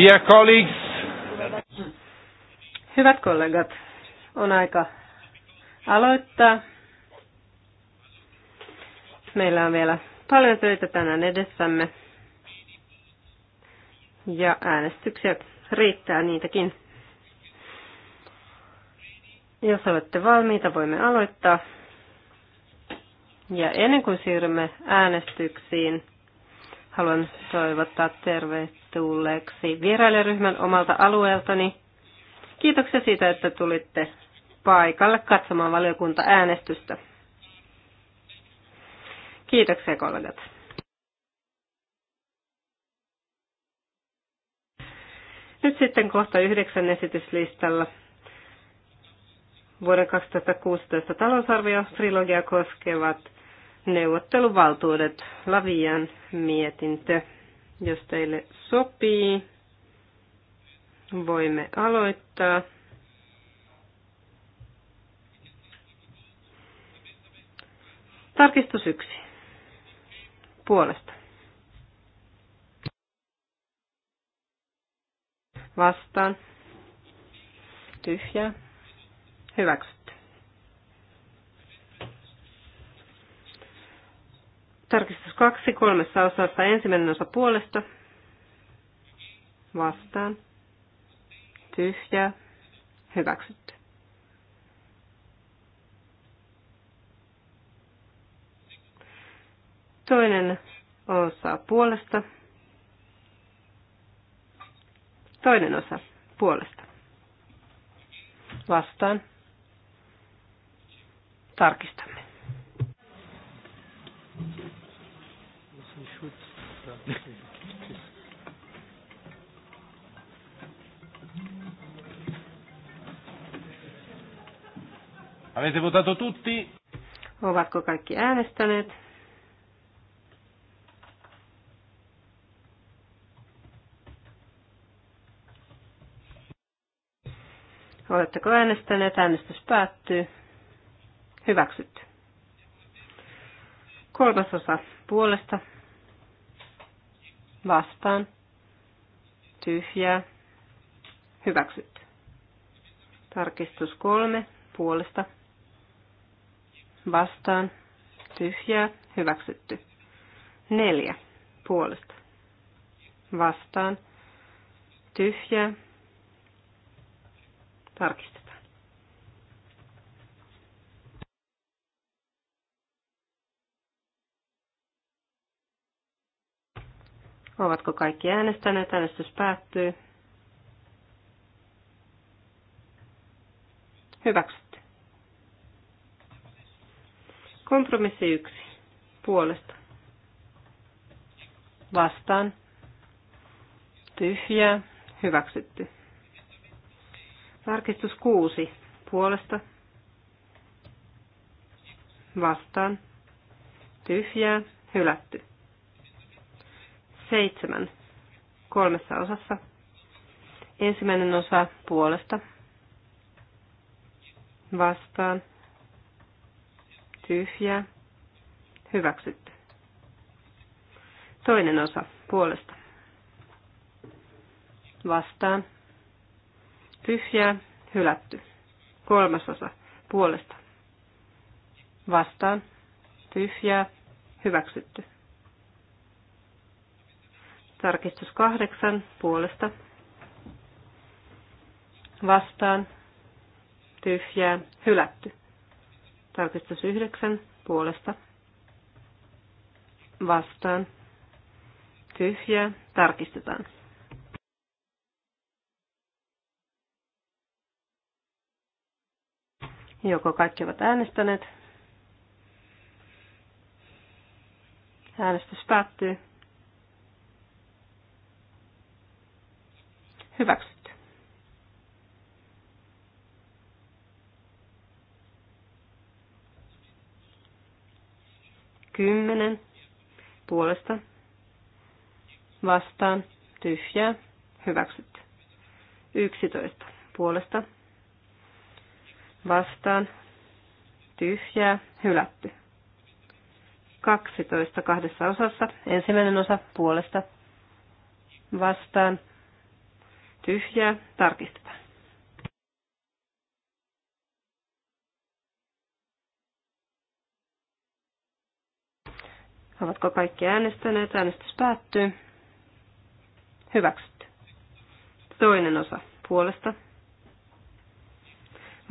Dear colleagues. Hyvät kollegat, on aika aloittaa. Meillä on vielä paljon töitä tänään edessämme. Ja äänestyksiä riittää niitäkin. Jos olette valmiita, voimme aloittaa. Ja ennen kuin siirrymme äänestyksiin, Haluan toivottaa tervetulleeksi vierailijaryhmän omalta alueeltani. Kiitoksia siitä, että tulitte paikalle katsomaan valiokunta-äänestystä. Kiitoksia kollegat. Nyt sitten kohta yhdeksän esityslistalla vuoden 2016 talousarvio trilogia koskevat neuvotteluvaltuudet, Lavian mietintö. Jos teille sopii, voimme aloittaa. Tarkistus yksi. Puolesta. Vastaan. Tyhjää. Hyväksytty. Tarkistus kaksi kolmessa osassa. Ensimmäinen osa puolesta. Vastaan. tyhjä Hyväksytty. Toinen osa puolesta. Toinen osa puolesta. Vastaan. Tarkistamme. Avete votato tutti? Ovatko kaikki äänestäneet? Oletteko äänestäneet? Äänestys päättyy. Hyväksytty. Kolmasosa puolesta vastaan, tyhjää, hyväksyt Tarkistus kolme, puolesta, vastaan, tyhjää, hyväksytty. Neljä, puolesta, vastaan, tyhjää, tarkistus. Ovatko kaikki äänestäneet? Äänestys päättyy. Hyväksytty. Kompromissi yksi. Puolesta. Vastaan. Tyhjä. Hyväksytty. Tarkistus kuusi. Puolesta. Vastaan. Tyhjää. Hylätty. Seitsemän kolmessa osassa. Ensimmäinen osa puolesta vastaan tyhjää hyväksytty. Toinen osa puolesta vastaan tyhjää hylätty. Kolmas osa puolesta vastaan tyhjää hyväksytty. Tarkistus kahdeksan puolesta. Vastaan. Tyhjää. Hylätty. Tarkistus yhdeksän puolesta. Vastaan. Tyhjää. Tarkistetaan. Joko kaikki ovat äänestäneet? Äänestys päättyy. Hyväksytty. Kymmenen puolesta vastaan tyhjää. Hyväksytty. Yksitoista puolesta vastaan tyhjää. Hylätty. Kaksitoista kahdessa osassa. Ensimmäinen osa puolesta vastaan tyhjää, tarkistetaan. Ovatko kaikki äänestäneet? Äänestys päättyy. Hyväksytty. Toinen osa puolesta.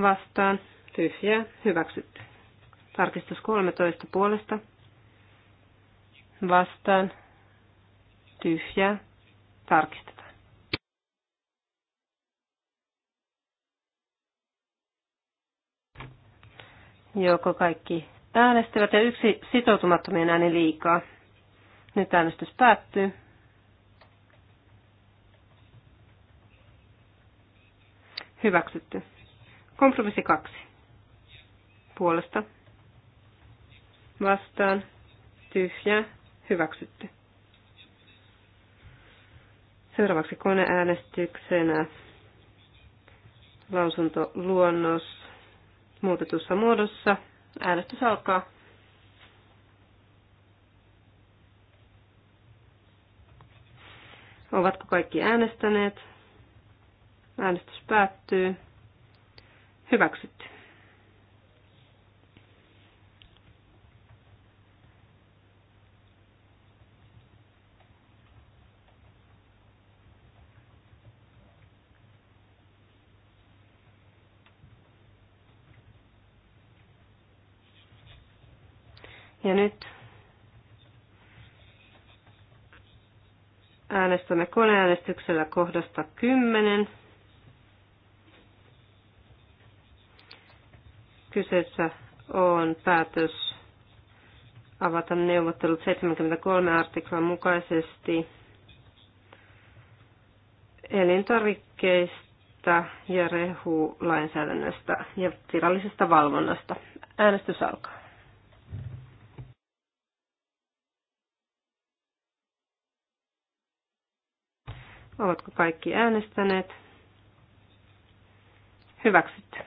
Vastaan. Tyhjää. Hyväksytty. Tarkistus 13 puolesta. Vastaan. Tyhjää. Tarkistetaan. joko kaikki äänestivät ja yksi sitoutumattomien ääni liikaa. Nyt äänestys päättyy. Hyväksytty. Kompromissi kaksi. Puolesta. Vastaan. Tyhjä. Hyväksytty. Seuraavaksi koneäänestyksenä lausuntoluonnos muutetussa muodossa. Äänestys alkaa. Ovatko kaikki äänestäneet? Äänestys päättyy. Hyväksytty. Ja nyt äänestämme koneäänestyksellä kohdasta 10. Kyseessä on päätös avata neuvottelut 73 artiklan mukaisesti elintarvikkeista ja rehulainsäädännöstä ja virallisesta valvonnasta. Äänestys alkaa. Ovatko kaikki äänestäneet? Hyväksytty.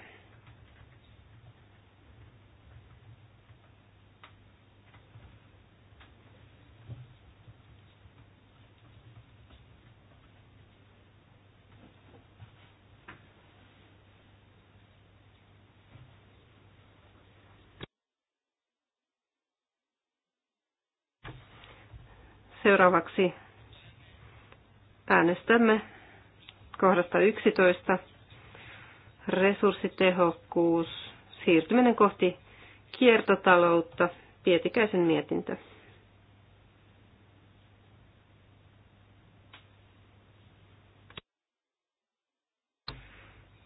Seuraavaksi Äänestämme kohdasta 11. Resurssitehokkuus. Siirtyminen kohti kiertotaloutta. Pietikäisen mietintö.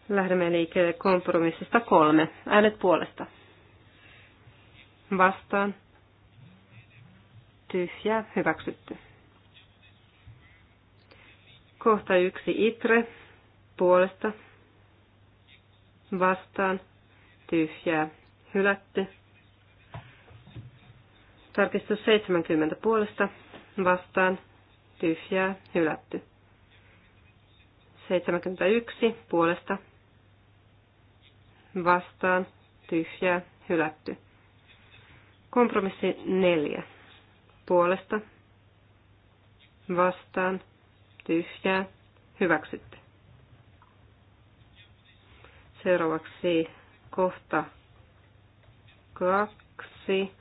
Lähdemme liikkeelle kompromissista kolme. Äänet puolesta. Vastaan. Tyhjä. Hyväksytty. Kohta yksi itre puolesta vastaan tyhjää hylätty. Tarkistus 70 puolesta vastaan tyhjää hylätty. 71 puolesta vastaan tyhjää hylätty. Kompromissi 4 puolesta vastaan tyhjää, hyväksytty. Seuraavaksi kohta kaksi.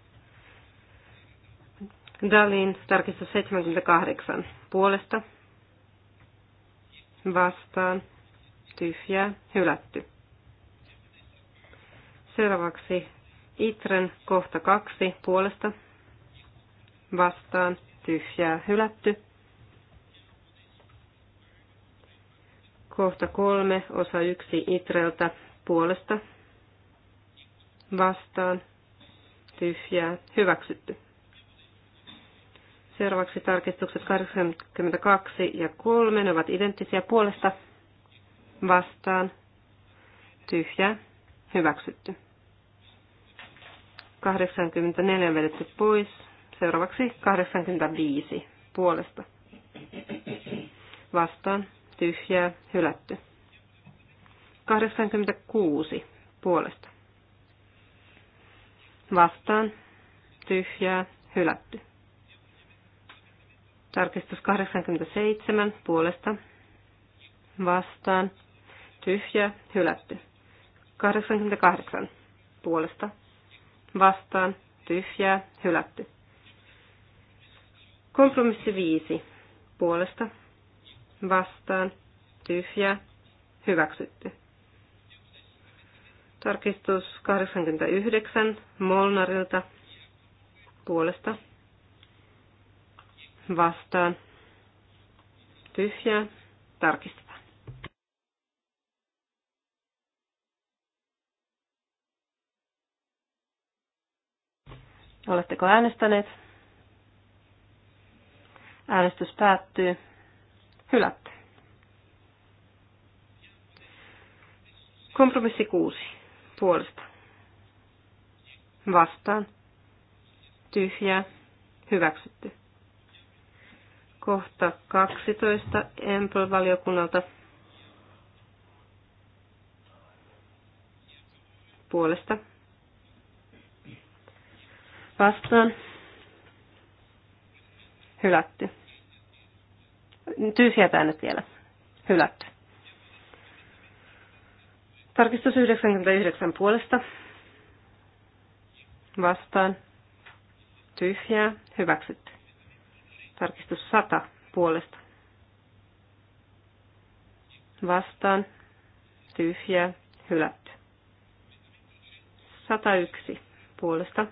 Dalin tarkista 78 puolesta vastaan tyhjää hylätty. Seuraavaksi Itren kohta kaksi puolesta vastaan tyhjää hylätty. Kohta kolme, osa yksi Itreltä puolesta vastaan tyhjää hyväksytty. Seuraavaksi tarkistukset 82 ja 3 ne ovat identtisiä puolesta vastaan tyhjää hyväksytty. 84 vedetty pois. Seuraavaksi 85 puolesta vastaan tyhjää, hylätty. 86 puolesta. Vastaan, tyhjää, hylätty. Tarkistus 87 puolesta. Vastaan, tyhjää, hylätty. 88 puolesta. Vastaan, tyhjää, hylätty. Kompromissi 5 puolesta vastaan, tyhjä, hyväksytty. Tarkistus 89 Molnarilta puolesta vastaan, tyhjä, tarkistetaan. Oletteko äänestäneet? Äänestys päättyy hylätty. Kompromissi kuusi puolesta. Vastaan. Tyhjää. Hyväksytty. Kohta 12 Empel-valiokunnalta puolesta. Vastaan. Hylätty. Tyhjät äänet vielä. Hylätty. Tarkistus 99 puolesta. Vastaan. Tyhjää. Hyväksytty. Tarkistus 100 puolesta. Vastaan. Tyhjää. Hylätty. 101 puolesta.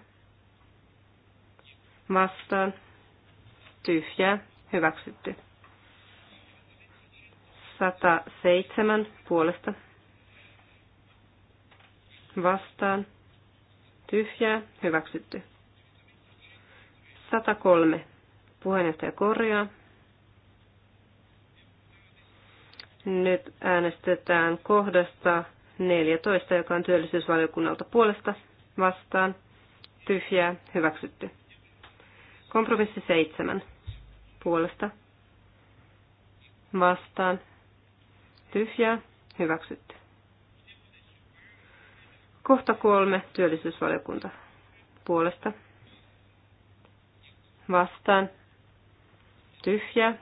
Vastaan. Tyhjää. Hyväksytty. 107 puolesta vastaan tyhjää hyväksytty. 103 puheenjohtaja korjaa. Nyt äänestetään kohdasta 14, joka on työllisyysvaliokunnalta puolesta vastaan. Tyhjää, hyväksytty. Kompromissi 7. Puolesta. Vastaan tyhjää, hyväksytty. Kohta kolme, työllisyysvaliokunta. Puolesta. Vastaan. Tyhjää.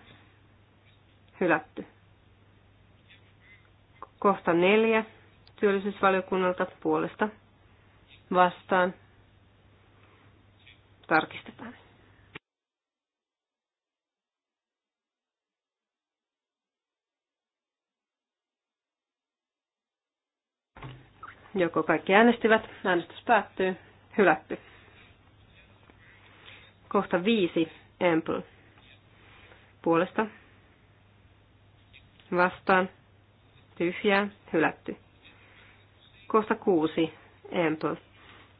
Hylätty. Kohta neljä, työllisyysvaliokunnalta. Puolesta. Vastaan. Tarkistetaan. Joko kaikki äänestivät, äänestys päättyy, hylätty. Kohta viisi, Ample. Puolesta. Vastaan. Tyhjää, hylätty. Kohta kuusi, Ample.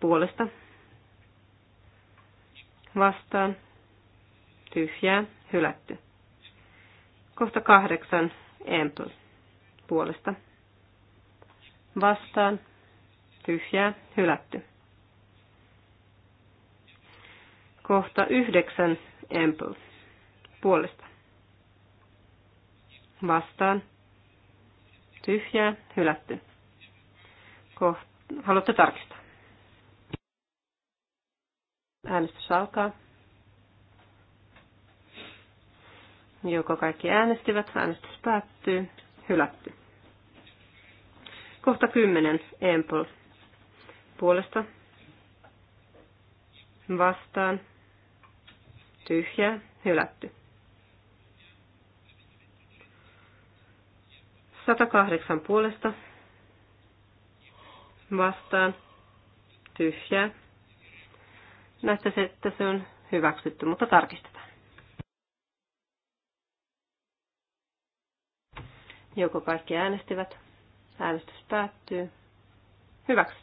Puolesta. Vastaan. Tyhjää, hylätty. Kohta kahdeksan, Ample. Puolesta. Vastaan tyhjää, hylätty. Kohta yhdeksän Ample puolesta. Vastaan. Tyhjää, hylätty. Kohta, haluatte tarkistaa? Äänestys alkaa. Joko kaikki äänestivät, äänestys päättyy, hylätty. Kohta kymmenen Ample puolesta vastaan tyhjä hylätty. 108 puolesta vastaan tyhjä Näyttäisi, että se on hyväksytty, mutta tarkistetaan. Joko kaikki äänestivät? Äänestys päättyy. Hyväksy.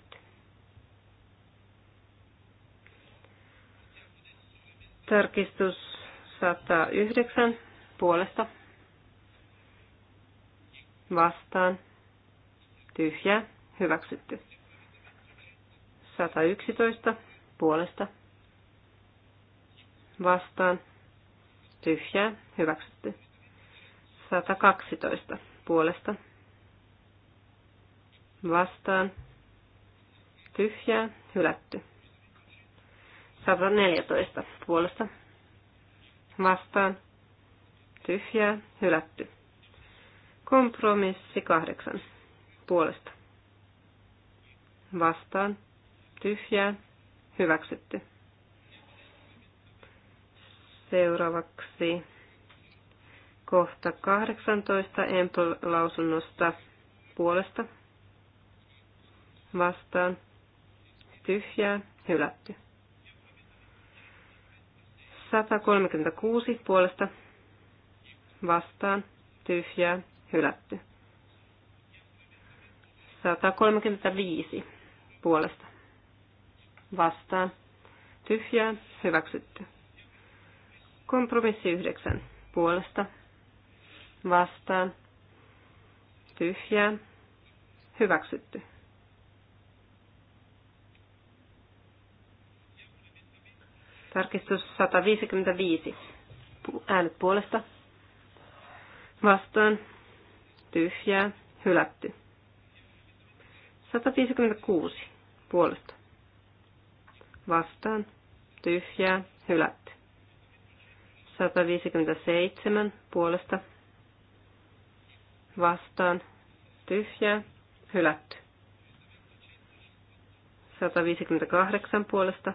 Tarkistus 109 puolesta vastaan tyhjä hyväksytty. 111 puolesta vastaan tyhjä hyväksytty. 112 puolesta vastaan tyhjä hylätty. 114 puolesta vastaan tyhjää hylätty. Kompromissi 8 puolesta vastaan tyhjää hyväksytty. Seuraavaksi kohta 18 Empl-lausunnosta puolesta vastaan tyhjää hylätty. 136 puolesta vastaan tyhjää hylätty. 135 puolesta vastaan tyhjää hyväksytty. Kompromissi 9 puolesta vastaan tyhjää hyväksytty. Tarkistus 155. Äänet puolesta. Vastaan. Tyhjää. Hylätty. 156. Puolesta. Vastaan. Tyhjää. Hylätty. 157. Puolesta. Vastaan. Tyhjää. Hylätty. 158 puolesta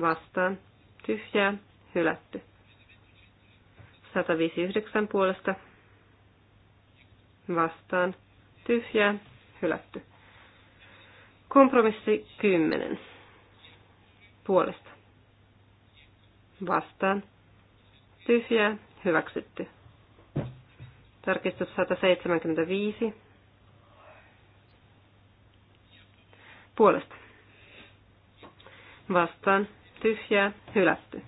vastaan tyhjää hylätty. 159 puolesta vastaan tyhjää hylätty. Kompromissi 10 puolesta vastaan tyhjää hyväksytty. Tarkistus 175 puolesta vastaan tyhjää, hylätty.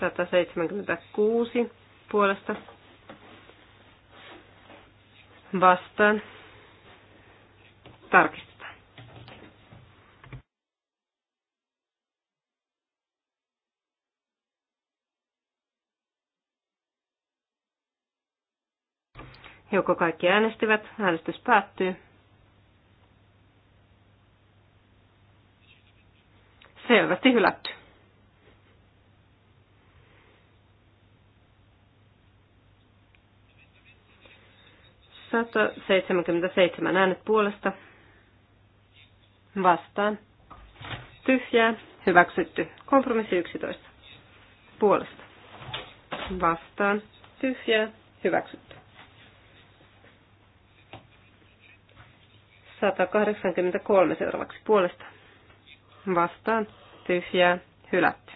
176 puolesta vastaan. Tarkistetaan. Joko kaikki äänestivät, äänestys päättyy. Selvästi hylätty. 177 äänet puolesta vastaan. Tyhjää. Hyväksytty. Kompromissi 11. Puolesta. Vastaan. Tyhjää. Hyväksytty. 183 seuraavaksi puolesta. Vastaan. Tyhjää. Hylätty.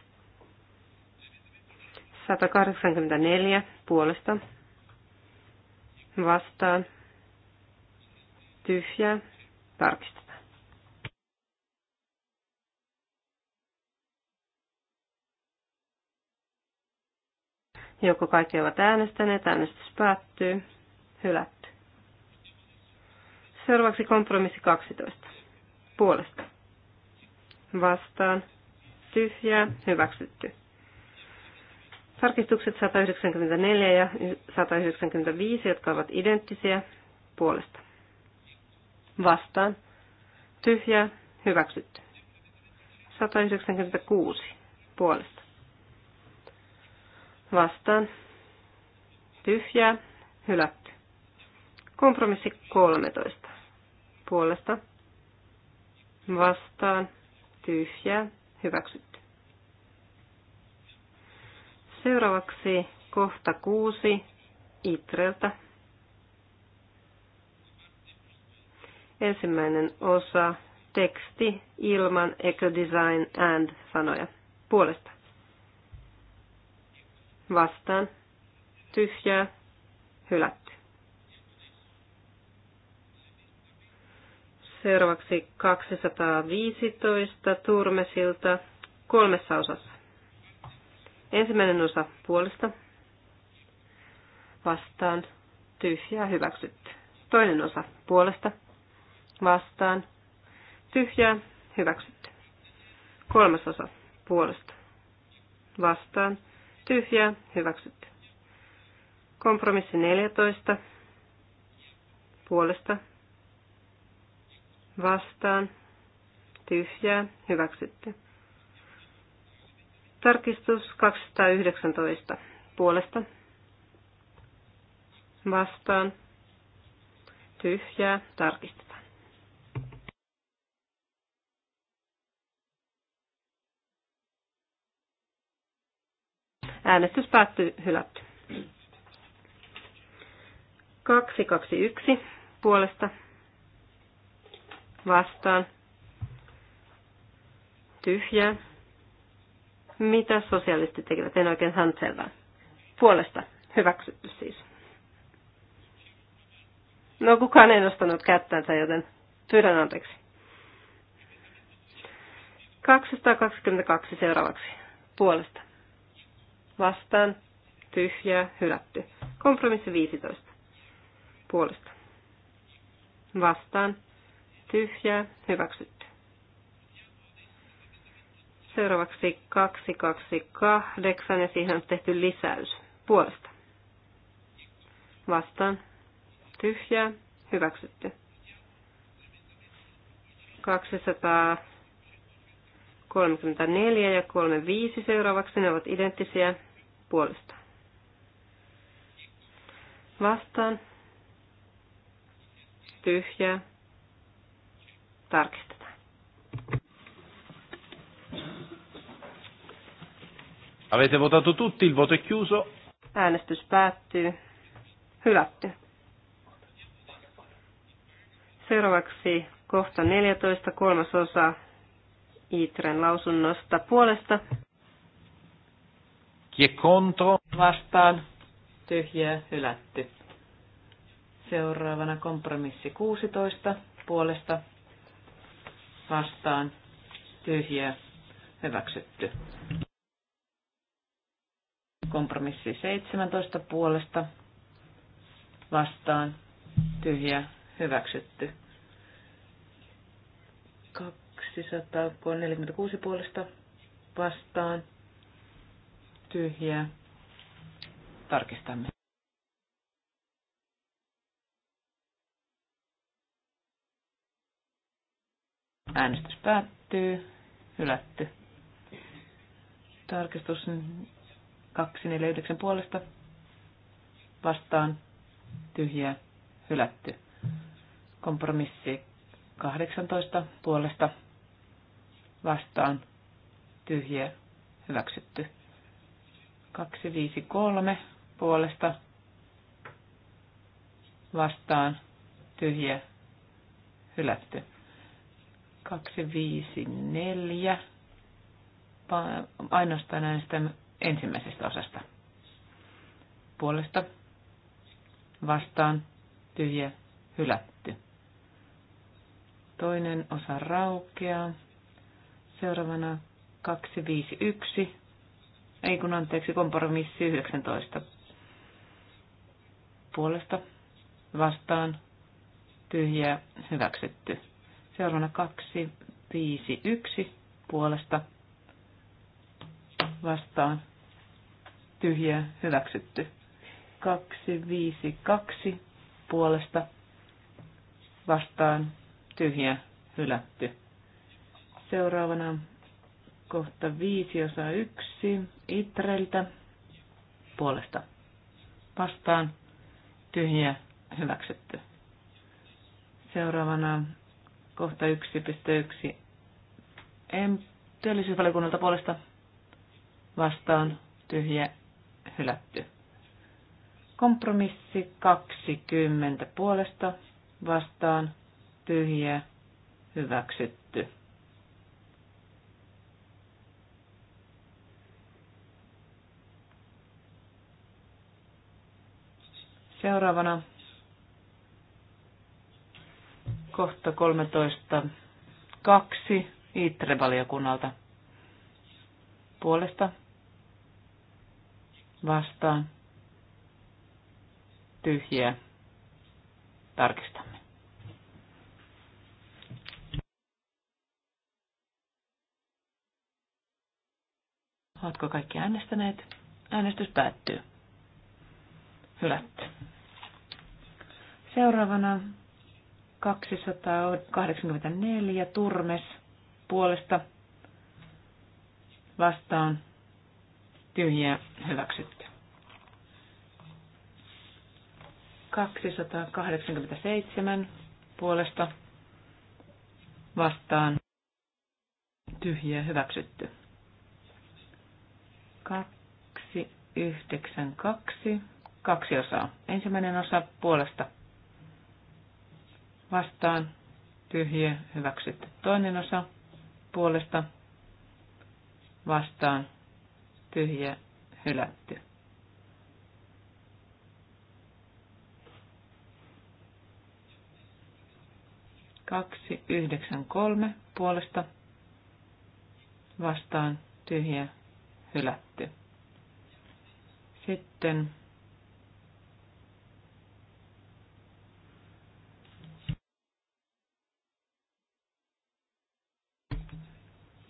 184 puolesta vastaan tyhjää tarkistetaan. Joko kaikki ovat äänestäneet, äänestys päättyy, hylätty. Seuraavaksi kompromissi 12. Puolesta. Vastaan. Tyhjää. Hyväksytty. Tarkistukset 194 ja 195, jotka ovat identtisiä puolesta. Vastaan. tyhjä, Hyväksytty. 196 puolesta. Vastaan. tyhjä, Hylätty. Kompromissi 13 puolesta. Vastaan. tyhjä, Hyväksytty. Seuraavaksi kohta kuusi Itreltä. Ensimmäinen osa teksti ilman eco-design and sanoja puolesta. Vastaan. Tyhjää. Hylätty. Seuraavaksi 215 Turmesilta kolmessa osassa. Ensimmäinen osa puolesta vastaan tyhjää hyväksytty. Toinen osa puolesta vastaan tyhjää hyväksytty. Kolmas osa puolesta vastaan tyhjää hyväksytty. Kompromissi 14 puolesta vastaan tyhjää hyväksytty. Tarkistus 219 puolesta. Vastaan. Tyhjää. Tarkistetaan. Äänestys päättyy hylätty. 221 puolesta vastaan tyhjää mitä sosialistit tekevät. En oikein saanut selvää. Puolesta hyväksytty siis. No kukaan ei nostanut kättänsä, joten pyydän anteeksi. 222 seuraavaksi. Puolesta. Vastaan. Tyhjää. Hylätty. Kompromissi 15. Puolesta. Vastaan. Tyhjää. Hyväksytty. Seuraavaksi 228 ja siihen on tehty lisäys puolesta. Vastaan. Tyhjää. Hyväksytty. 234 ja 35 seuraavaksi ne ovat identtisiä puolesta. Vastaan. Tyhjää. Tarkistaa. Avete votato tutti, il voto è chiuso. Äänestys päättyy. Hylätty. Seuraavaksi kohta 14, kolmas osa Itren lausunnosta puolesta. Chi è contro? Vastaan. Tyhjää, hylätty. Seuraavana kompromissi 16 puolesta. Vastaan. Tyhjää, hyväksytty. Kompromissi 17 puolesta vastaan tyhjä hyväksytty. 246 puolesta vastaan tyhjä. Tarkistamme. Äänestys päättyy. Hylätty. Tarkistus 249 puolesta vastaan tyhjä hylätty. Kompromissi 18 puolesta vastaan tyhjä hyväksytty. 253 puolesta vastaan tyhjä hylätty. 254 ainoastaan äänestämme ensimmäisestä osasta. Puolesta vastaan tyhjä hylätty. Toinen osa raukeaa. Seuraavana 251. Ei kun anteeksi, kompromissi 19. Puolesta vastaan tyhjä hyväksytty. Seuraavana 251 puolesta vastaan tyhjä hyväksytty. 252 puolesta vastaan tyhjä hylätty. Seuraavana kohta 5 osa 1 Itreltä puolesta vastaan tyhjä hyväksytty. Seuraavana kohta 1.1 työllisyysvaliokunnalta puolesta vastaan tyhjä hylätty. Kompromissi 20 puolesta vastaan tyhjä hyväksytty. Seuraavana kohta 13. Kaksi Itre-valiokunnalta. Puolesta vastaan tyhjiä. Tarkistamme. Oletko kaikki äänestäneet? Äänestys päättyy. Hylätty. Seuraavana 284 Turmes puolesta vastaan tyhjiä hyväksytty. 287 puolesta vastaan tyhjiä hyväksytty. 292, kaksi osaa. Ensimmäinen osa puolesta vastaan tyhjiä hyväksytty. Toinen osa puolesta vastaan tyhjä, hylätty. Kaksi, yhdeksän, kolme puolesta vastaan tyhjä, hylätty. Sitten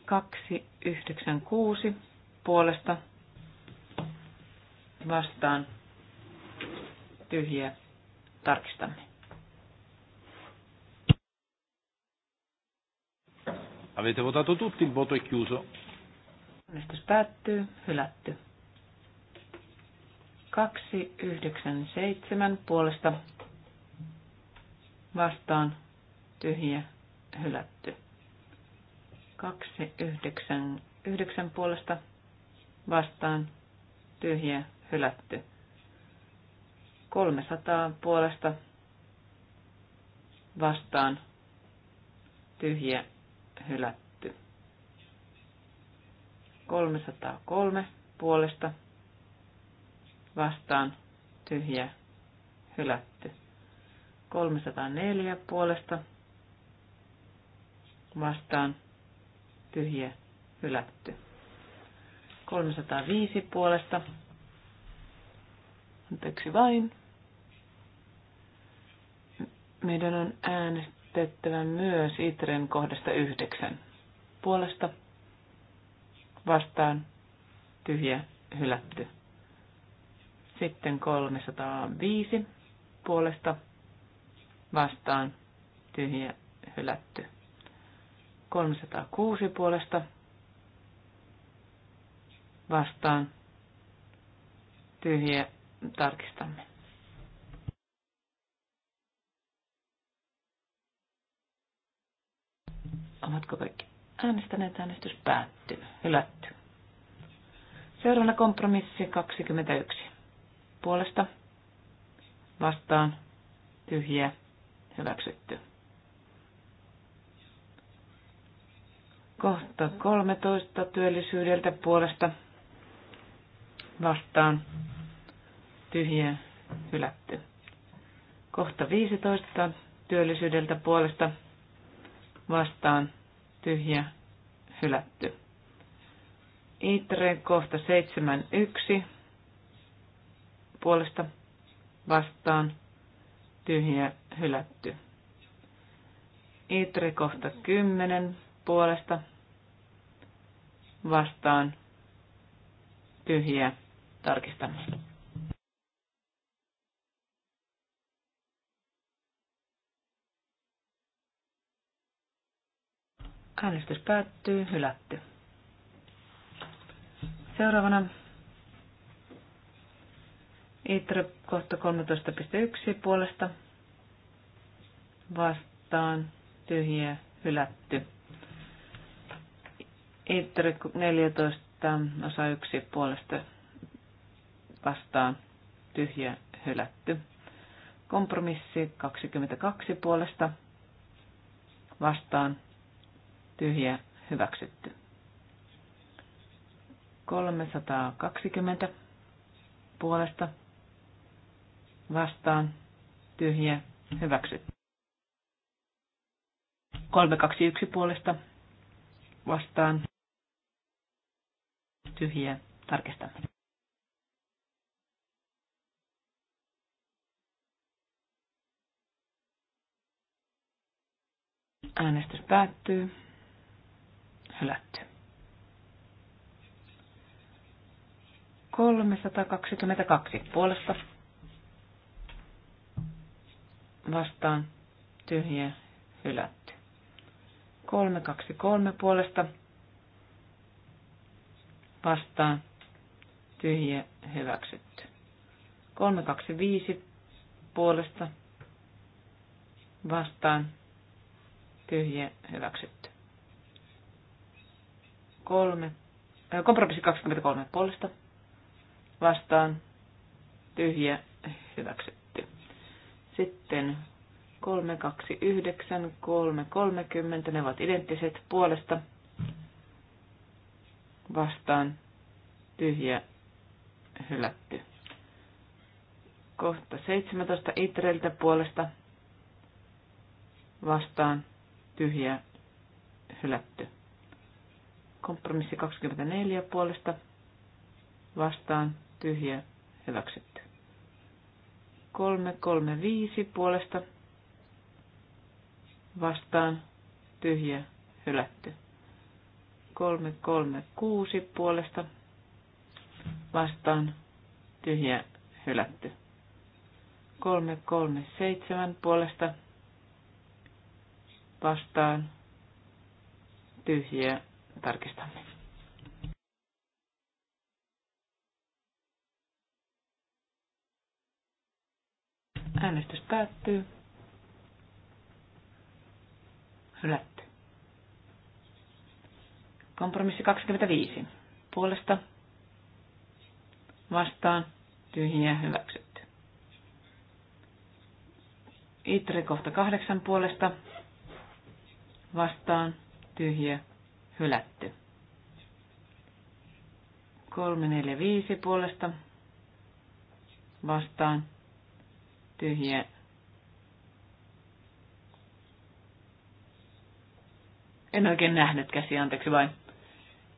kaksi, yhdeksän, kuusi puolesta vastaan tyhjiä tarkistamme. Avete votato tutti, il voto è chiuso. Äänestys päättyy, hylätty. 297 puolesta vastaan tyhjä hylätty. 299 puolesta vastaan tyhjä hylätty. 300 puolesta vastaan tyhjä hylätty. 303 puolesta vastaan tyhjä hylätty. 304 puolesta vastaan tyhjä hylätty. 305 puolesta. Anteeksi vain. Meidän on äänestettävä myös Itren kohdasta 9 puolesta. Vastaan tyhjä hylätty. Sitten 305 puolesta vastaan tyhjä hylätty. 306 puolesta vastaan tyhjiä tarkistamme. Ovatko kaikki äänestäneet? Äänestys päättyy. Hylätty. Seuraavana kompromissi 21. Puolesta vastaan tyhjiä hyväksytty. Kohta 13 työllisyydeltä puolesta vastaan tyhjä hylätty. Kohta 15 työllisyydeltä puolesta vastaan tyhjä hylätty. Itre kohta 7.1 puolesta vastaan tyhjä hylätty. Itre kohta 10 puolesta vastaan tyhjä tarkistamaan. Äänestys päättyy, hylätty. Seuraavana ITRE kohta 13.1 puolesta vastaan tyhjä, hylätty. ITRE 14 osa 1 puolesta vastaan tyhjä hylätty. Kompromissi 22 puolesta vastaan tyhjä hyväksytty. 320 puolesta vastaan tyhjä hyväksytty. 321 puolesta vastaan tyhjä tarkistamme. Äänestys päättyy. Hylätty. 322 puolesta. Vastaan tyhjä hylätty. 323 puolesta. Vastaan tyhjä hyväksytty. 325 puolesta. Vastaan tyhjiä hyväksytty. Kolme. Äh, kompromissi 23 puolesta vastaan tyhjiä hyväksytty. Sitten 329, 330, ne ovat identtiset puolesta vastaan tyhjä hylätty. Kohta 17 itreiltä puolesta vastaan tyhjä, hylätty. Kompromissi 24 puolesta vastaan tyhjä hyväksytty. 335 puolesta vastaan tyhjä hylätty. 336 puolesta vastaan tyhjä hylätty. 337 puolesta vastaan, vastaan tyhjiä tarkistamme. Äänestys päättyy. Hylätty. Kompromissi 25. Puolesta vastaan tyhjiä hyväksytty. Itre kohta kahdeksan puolesta vastaan tyhjä hylätty. 3, 4, 5 puolesta vastaan tyhjä En oikein nähnyt käsi, anteeksi vain.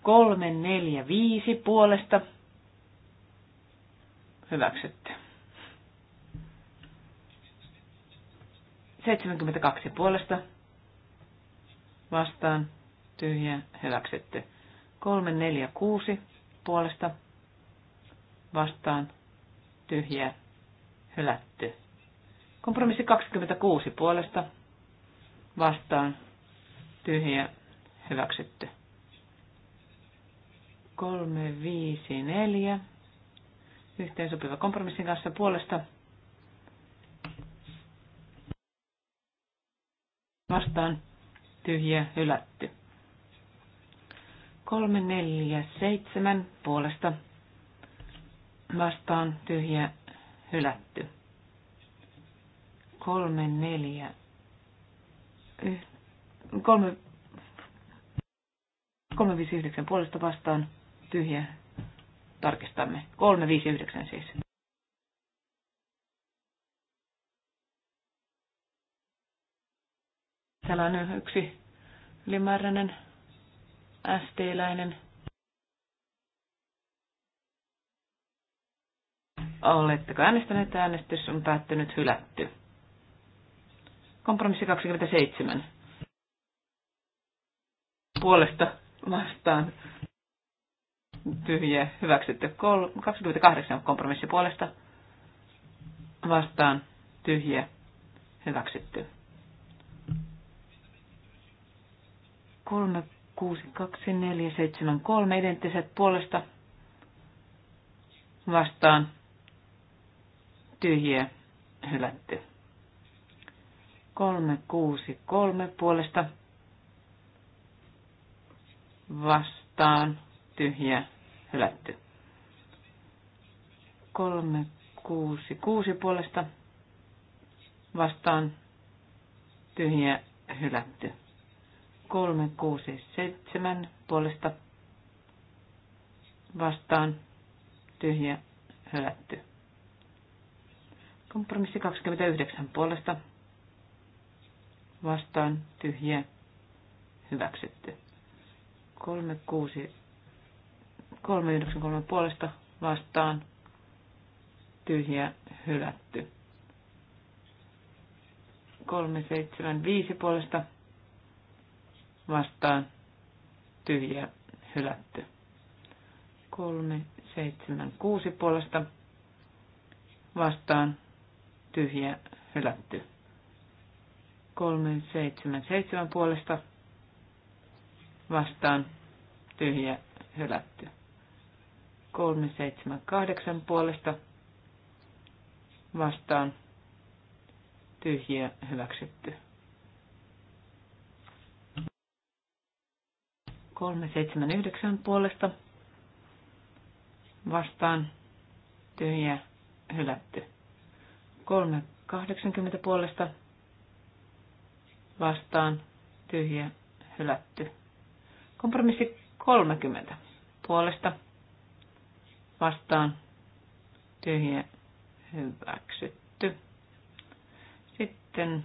3, 4, 5 puolesta hyväksytty. 72 puolesta vastaan tyhjä hyväksytty. 3, 4, 6 puolesta vastaan tyhjä hylätty. Kompromissi 26 puolesta vastaan tyhjä hyväksytty. 3, 5, 4 yhteensopiva kompromissin kanssa puolesta vastaan tyhjä, hylätty. 3, 4, 7 puolesta vastaan tyhjä, hylätty. 3, 4, 3, kolme viisi 9 puolesta vastaan tyhjä, tarkistamme. kolme viisi 9 siis. sellainen yksi ylimääräinen ST-läinen. Oletteko äänestäneet? Äänestys on päättynyt hylätty. Kompromissi 27. Puolesta vastaan tyhjä hyväksytty. 28 kompromissi puolesta vastaan tyhjä hyväksytty. 3, 6, 2, 4, 7, 3 identtiset puolesta vastaan tyhjiä hylätty. 3, 6, 3 puolesta vastaan tyhjiä hylätty. 3, 6, 6 puolesta vastaan tyhjiä hylätty. 367 puolesta vastaan tyhjä hylätty. Kompromissi 29 puolesta vastaan tyhjä hyväksytty. 36 393 puolesta vastaan tyhjä hylätty. 375 puolesta vastaan tyhjä hylätty. 376 puolesta vastaan tyhjä hylätty. 377 puolesta vastaan tyhjä hylätty. 378 puolesta vastaan tyhjä hyväksytty. 379 puolesta vastaan tyhjä hylätty. 380 puolesta vastaan tyhjä hylätty. Kompromissi 30 puolesta vastaan tyhjä hyväksytty. Sitten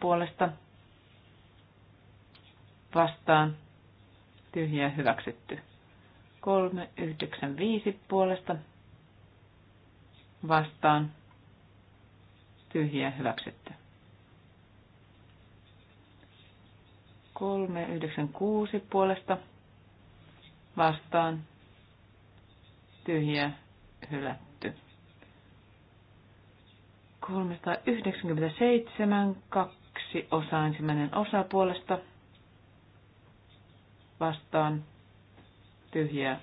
puolesta vastaan tyhjää hyväksytty. 395 puolesta vastaan tyhjää hyväksytty. 396 puolesta vastaan tyhjä hylätty. 397 kappale kaksi osa Ensimmäinen osa puolesta vastaan tyhjä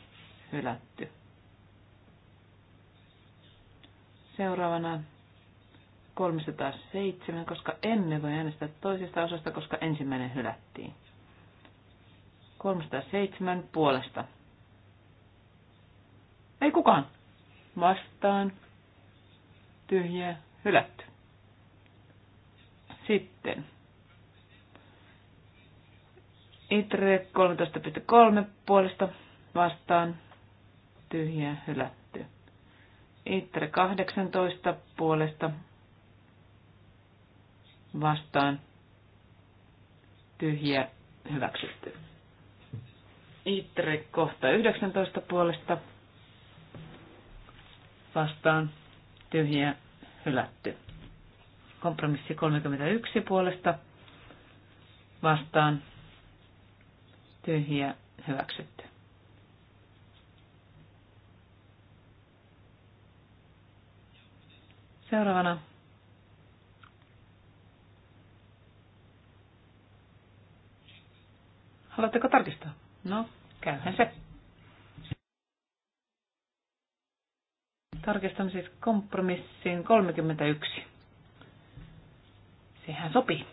hylätty. Seuraavana 307, koska emme voi äänestää toisesta osasta, koska ensimmäinen hylättiin. 307 puolesta. Ei kukaan. Vastaan. Tyhjä. Hylätty. Sitten ITRE 13.3 puolesta vastaan tyhjä hylätty. ITRE 18 puolesta vastaan tyhjä hyväksytty. ITRE kohta 19 puolesta vastaan tyhjä hylätty. Kompromissi 31 puolesta vastaan tyhjiä hyväksytty. Seuraavana Haluatteko tarkistaa? No, käyhän se. Tarkistamme siis kompromissin 31. Sehän sopii.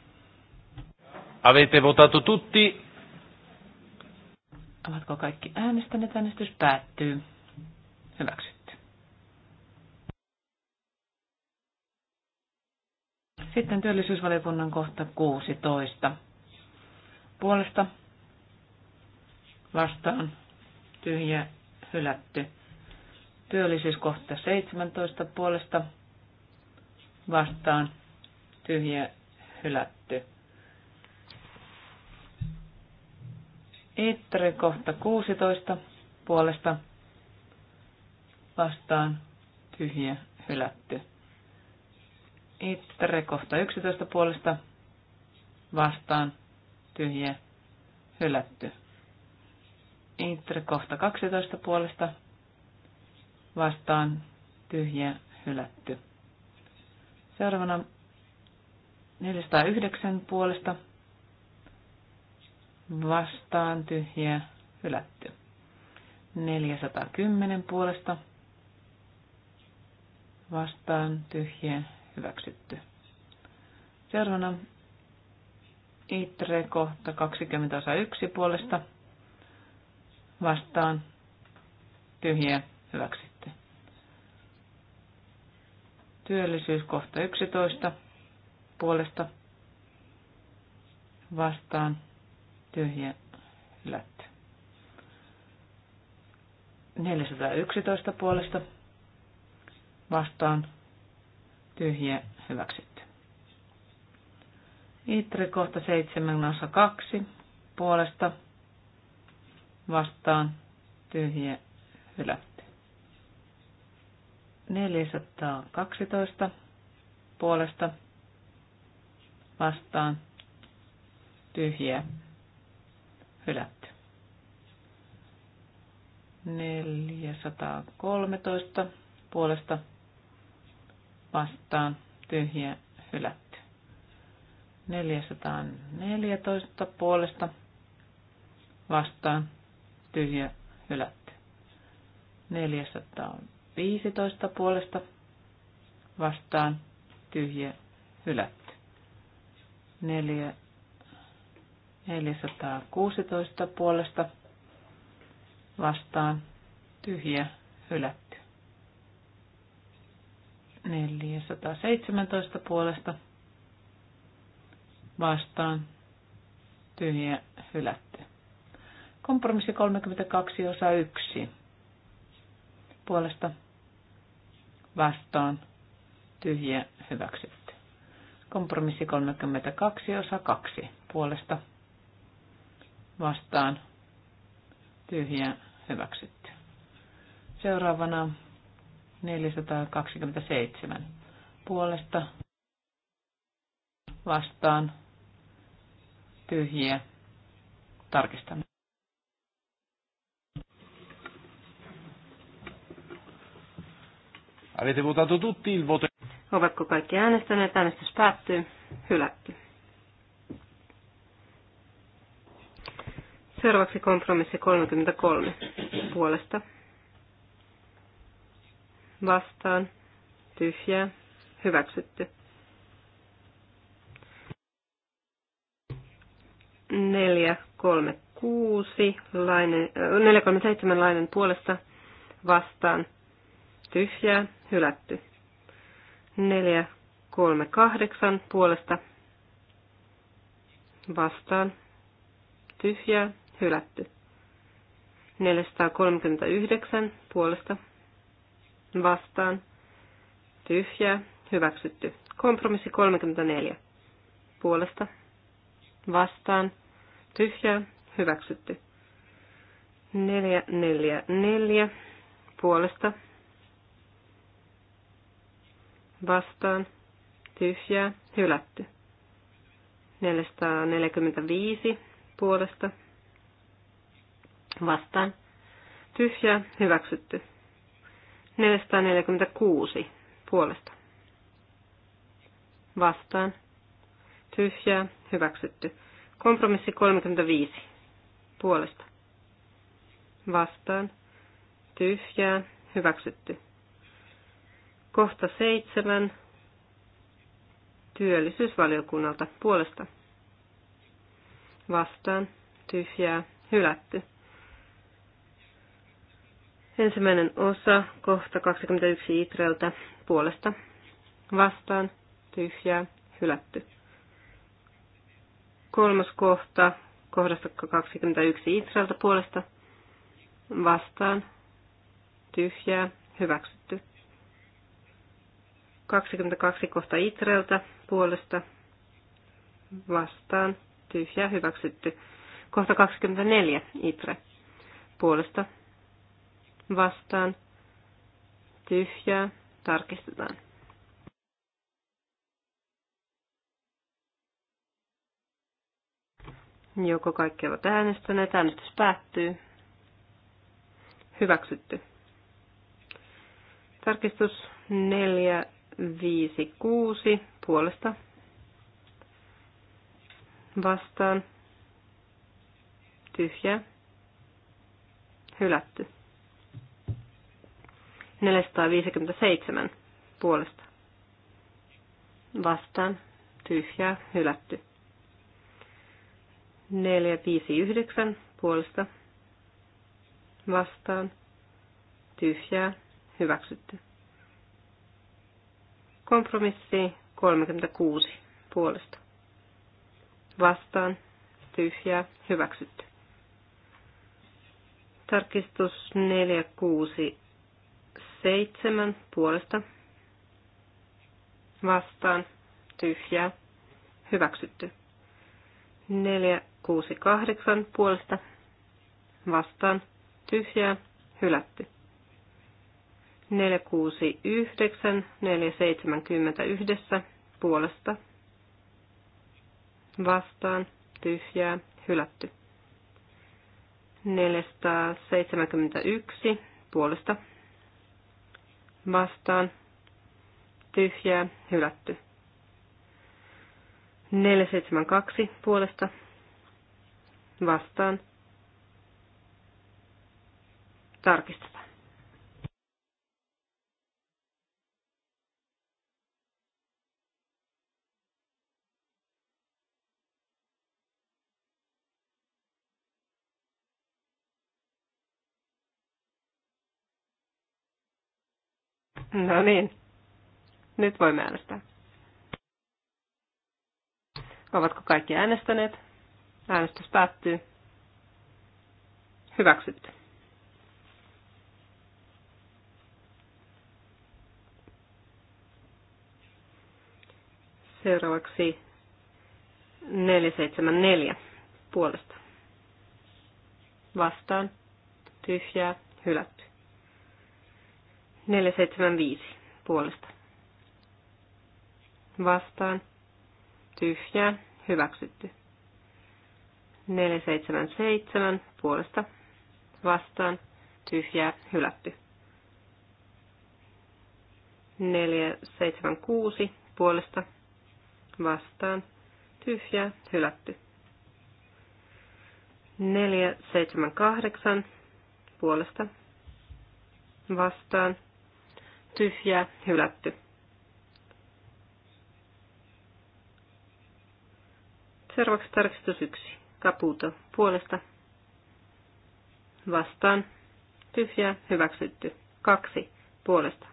Avete votato tutti? Ovatko kaikki äänestäneet? Äänestys päättyy. Hyväksytty. Sitten työllisyysvaliokunnan kohta 16. Puolesta vastaan tyhjä hylätty. Työllisyyskohta 17 puolesta vastaan tyhjä hylätty. Itre kohta 16 puolesta vastaan tyhjä hylätty. Itre kohta 11 puolesta vastaan tyhjä hylätty. Itre kohta 12 puolesta vastaan tyhjä hylätty. Seuraavana 409 puolesta vastaan tyhjä hylätty. 410 puolesta vastaan tyhjä hyväksytty. Seuraavana Itre kohta 20 osa 1 puolesta vastaan tyhjä hyväksytty. Työllisyys kohta 11 puolesta vastaan tyhjä lätty. 411 puolesta vastaan tyhjä hyväksytty. Itri kohta 7 puolesta vastaan tyhjä hylätty. 412 puolesta vastaan tyhjä hylätty. 413 puolesta vastaan tyhjä hylätty. 414 puolesta vastaan tyhjä hylätty. 415 puolesta vastaan tyhjä hylätty. 4, 416 puolesta vastaan tyhjä hylätty. 417 puolesta vastaan tyhjä hylätty. Kompromissi 32 osa 1 puolesta vastaan tyhjä hyväksytty. Kompromissi 32 osa 2 puolesta vastaan tyhjä hyväksytty. Seuraavana 427 puolesta vastaan tyhjiä tarkistamme. Avete votato tutti il voto Ovatko kaikki äänestäneet? Äänestys päättyy. Hylätty. Seuraavaksi kompromissi 33 puolesta. Vastaan. Tyhjää. Hyväksytty. kuusi lainen, äh, seitsemän lainen puolesta vastaan. Tyhjää. Hylätty. 438 puolesta vastaan tyhjää hylätty. 439 puolesta vastaan tyhjää hyväksytty. Kompromissi 34 puolesta vastaan tyhjää hyväksytty. 444 puolesta vastaan vastaan, tyhjää, hylätty. 445 puolesta vastaan, tyhjää, hyväksytty. 446 puolesta vastaan, tyhjää, hyväksytty. Kompromissi 35 puolesta vastaan, tyhjää, hyväksytty. Kohta seitsemän työllisyysvaliokunnalta puolesta. Vastaan tyhjää hylätty. Ensimmäinen osa kohta 21 Itreltä puolesta. Vastaan tyhjää hylätty. Kolmas kohta kohdasta 21 Itreltä puolesta. Vastaan tyhjää hyväksytty. 22 kohta Itreltä puolesta vastaan tyhjää hyväksytty. Kohta 24 Itre puolesta vastaan tyhjää tarkistetaan. Joko kaikki ovat äänestäneet, äänestys päättyy. Hyväksytty. Tarkistus 4 5, 6 puolesta vastaan tyhjä hylätty. 457 puolesta vastaan tyhjä hylätty. 459 puolesta vastaan tyhjää hyväksytty. Kompromissi 36 puolesta. Vastaan. Tyhjää. Hyväksytty. Tarkistus 467 puolesta. Vastaan. Tyhjää. Hyväksytty. 468 puolesta. Vastaan. Tyhjää. Hylätty. 469, 470 yhdessä puolesta vastaan tyhjää hylätty. 471 puolesta vastaan tyhjää hylätty. 472 puolesta vastaan tarkistetaan. No niin. Nyt voimme äänestää. Ovatko kaikki äänestäneet? Äänestys päättyy. Hyväksytty. Seuraavaksi 474 puolesta. Vastaan. Tyhjää. Hylätty. 475 puolesta. Vastaan. Tyhjää. Hyväksytty. 477 puolesta. Vastaan. Tyhjää. Hylätty. 476 puolesta. Vastaan. Tyhjää. Hylätty. 478 puolesta. Vastaan tyhjää, hylätty. Seuraavaksi tarkistus yksi Kaputo puolesta. Vastaan. Tyhjää, hyväksytty. kaksi Puolesta.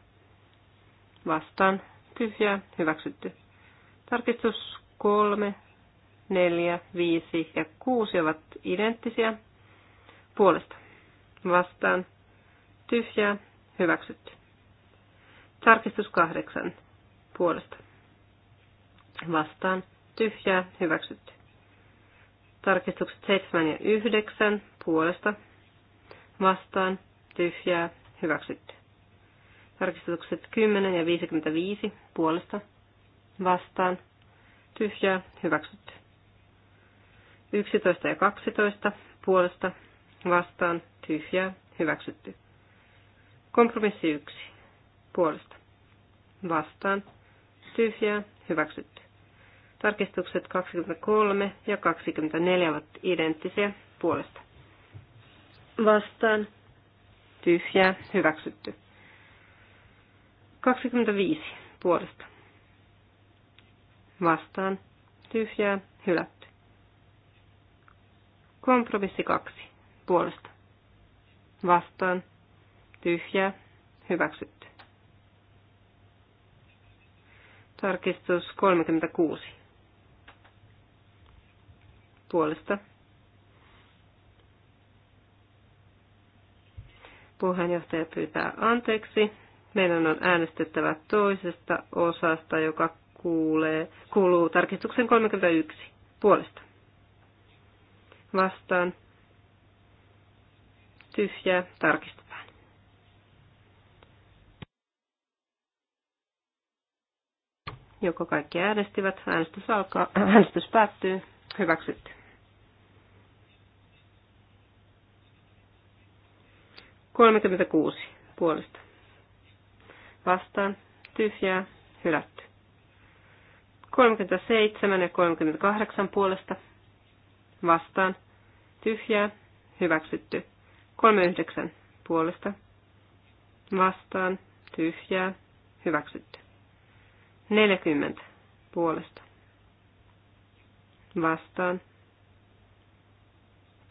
Vastaan. Tyhjää, hyväksytty. Tarkistus kolme neljä viisi ja kuusi ovat identtisiä. Puolesta. Vastaan. Tyhjää, hyväksytty. Tarkistus kahdeksan puolesta. Vastaan tyhjää hyväksytty. Tarkistukset seitsemän ja yhdeksän puolesta. Vastaan tyhjää hyväksytty. Tarkistukset 10 ja 55 puolesta. Vastaan tyhjää hyväksytty. 11 ja 12 puolesta vastaan tyhjää hyväksytty. Kompromissi 1 puolesta. Vastaan. Tyhjää. Hyväksytty. Tarkistukset 23 ja 24 ovat identtisiä puolesta. Vastaan. Tyhjää. Hyväksytty. 25 puolesta. Vastaan. Tyhjää. Hylätty. Kompromissi 2 puolesta. Vastaan. Tyhjää. Hyväksytty. Tarkistus 36. Puolesta. Puheenjohtaja pyytää anteeksi. Meidän on äänestettävä toisesta osasta, joka kuulee, kuuluu tarkistuksen 31. Puolesta. Vastaan. Tyhjää. Tarkistus joko kaikki äänestivät, äänestys, alkaa, äänestys päättyy, hyväksytty. kuusi puolesta. Vastaan, tyhjää, hylätty. 37 ja 38 puolesta. Vastaan, tyhjää, hyväksytty. 39 puolesta. Vastaan, tyhjää, hyväksytty. 40 puolesta. Vastaan.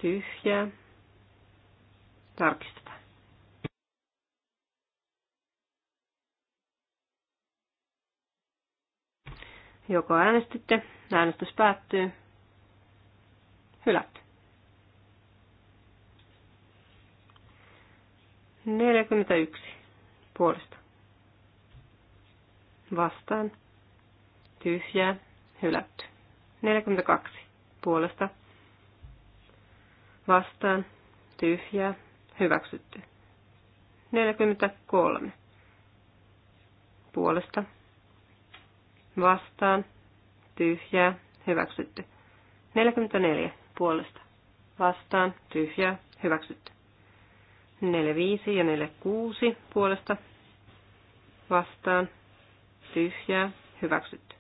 Tyhjää. Tarkistetaan. Joko äänestitte, äänestys päättyy. Hylätty. 41 puolesta vastaan, tyhjää, hylätty. 42 puolesta, vastaan, tyhjää, hyväksytty. 43 puolesta, vastaan, tyhjää, hyväksytty. 44 puolesta, vastaan, tyhjää, hyväksytty. 45 ja 46 puolesta, vastaan, tyhjää, hyväksyt,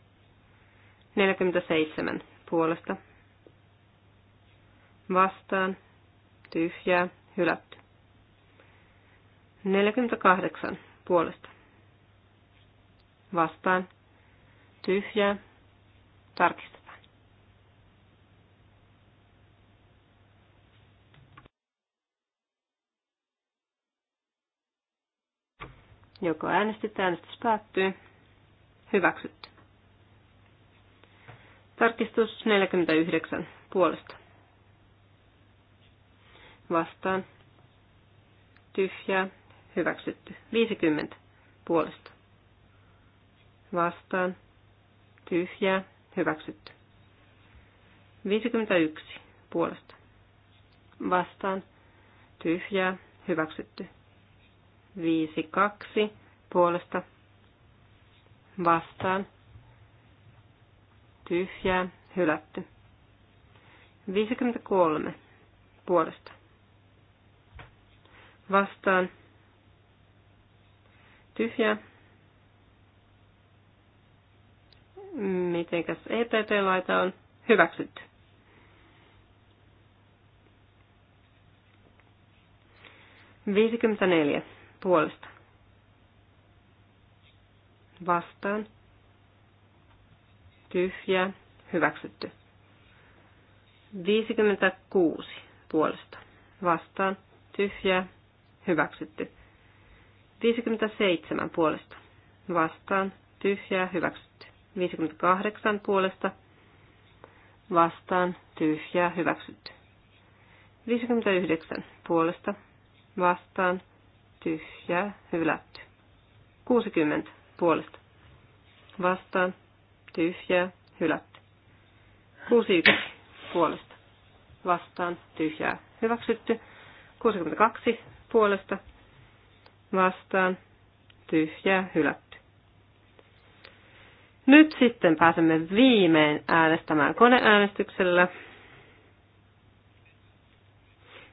47 puolesta vastaan, tyhjää, hylätty. 48 puolesta vastaan, tyhjää, tarkistetaan. Joko äänestetään, äänestys päättyy. Hyväksytty. Tarkistus 49 puolesta. Vastaan. Tyhjää. Hyväksytty. 50 puolesta. Vastaan. Tyhjää. Hyväksytty. 51 puolesta. Vastaan. Tyhjää. Hyväksytty. 52 puolesta vastaan, tyhjää, hylätty. 53 puolesta. Vastaan, tyhjää. Mitenkäs EPP-laita on hyväksytty? neljä puolesta vastaan, tyhjä hyväksytty. 56 puolesta vastaan, tyhjä hyväksytty. 57 puolesta vastaan, tyhjä hyväksytty. 58 puolesta vastaan, tyhjä hyväksytty. 59 puolesta vastaan, tyhjä, hylätty. 60 puolesta. Vastaan. Tyhjää. Hylätty. 61 puolesta. Vastaan. Tyhjää. Hyväksytty. 62 puolesta. Vastaan. Tyhjää. Hylätty. Nyt sitten pääsemme viimein äänestämään koneäänestyksellä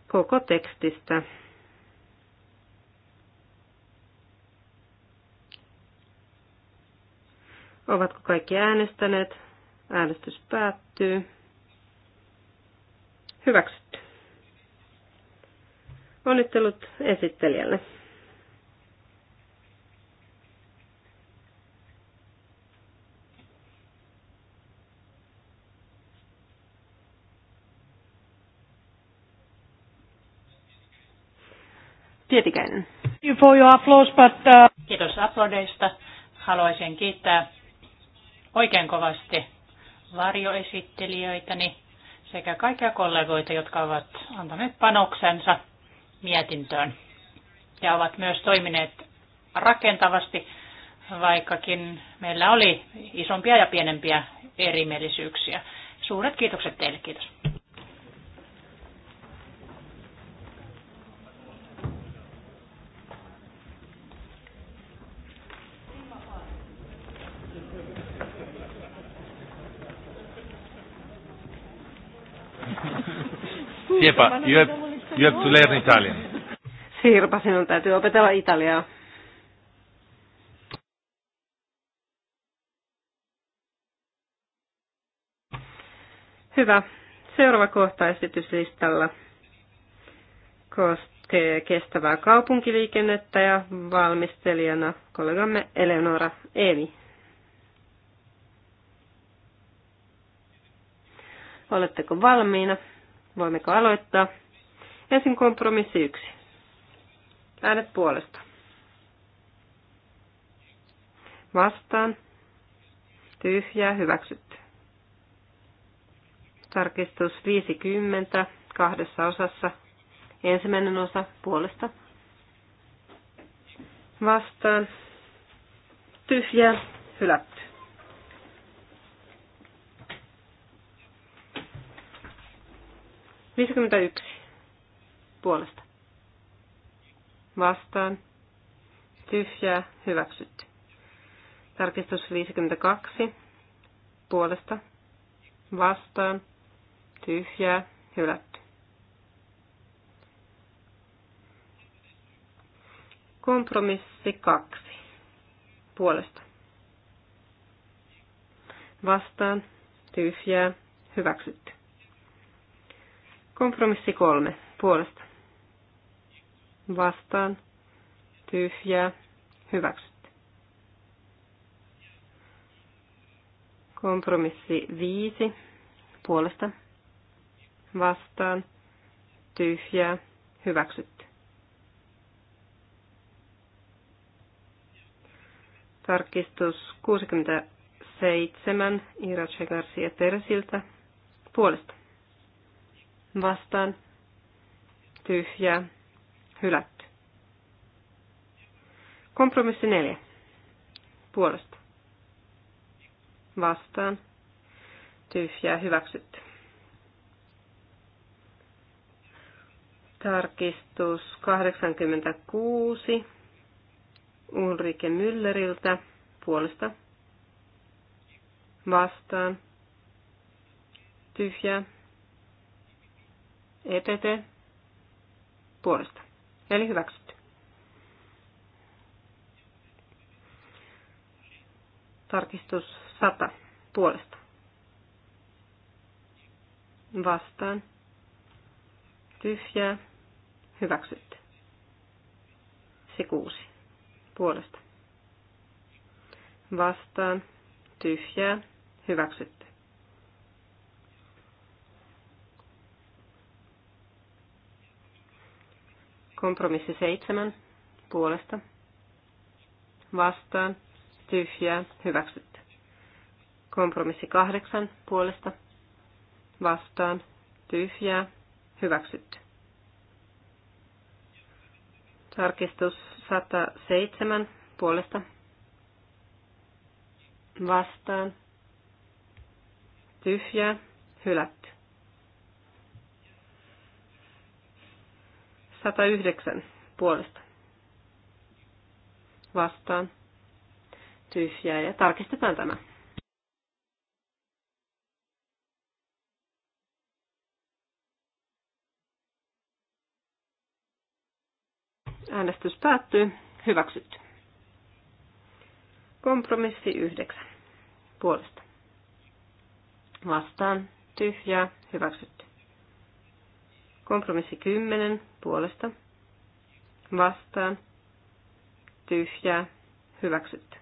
koko tekstistä. Ovatko kaikki äänestäneet? Äänestys päättyy. Hyväksytty. Onnittelut esittelijälle. Pietikäinen. Uh, Kiitos aplodeista. Haluaisin kiittää oikein kovasti varjoesittelijöitäni sekä kaikkia kollegoita, jotka ovat antaneet panoksensa mietintöön ja ovat myös toimineet rakentavasti, vaikkakin meillä oli isompia ja pienempiä erimielisyyksiä. Suuret kiitokset teille, kiitos. Siepa, you have, you have to learn Italian. Sirpa, sinun täytyy opetella italiaa. Hyvä. Seuraava kohta esityslistalla koskee kestävää kaupunkiliikennettä ja valmistelijana kollegamme Eleonora Evi. Oletteko valmiina? Voimmeko aloittaa? Ensin kompromissi yksi. Äänet puolesta. Vastaan. Tyhjää. Hyväksytty. Tarkistus 50 kahdessa osassa. Ensimmäinen osa puolesta. Vastaan. Tyhjää. Hylätty. 51 puolesta. Vastaan. Tyhjää. Hyväksytty. Tarkistus 52 puolesta. Vastaan. Tyhjää. Hylätty. Kompromissi 2 puolesta. Vastaan. Tyhjää. Hyväksytty. Kompromissi kolme puolesta. Vastaan. Tyhjää. Hyväksytty. Kompromissi viisi puolesta. Vastaan. Tyhjää. Hyväksytty. Tarkistus 67 Ira Garcia Persiltä puolesta vastaan tyhjä hylätty. Kompromissi neljä puolesta vastaan tyhjää hyväksytty. Tarkistus 86 Ulrike Mülleriltä puolesta vastaan tyhjää EPP puolesta. Eli hyväksytty. Tarkistus 100 puolesta. Vastaan. Tyhjää. Hyväksytty. Se kuusi. Puolesta. Vastaan. Tyhjää. Hyväksytty. Kompromissi seitsemän puolesta vastaan tyhjää hyväksytty. Kompromissi kahdeksan puolesta vastaan tyhjää hyväksytty. Tarkistus 107 puolesta vastaan tyhjää hylätty. 109 puolesta. Vastaan. Tyhjää ja tarkistetaan tämä. Äänestys päättyy. Hyväksytty. Kompromissi 9. Puolesta. Vastaan. Tyhjää. Hyväksytty. Kompromissi 10 puolesta vastaan tyhjää hyväksytty.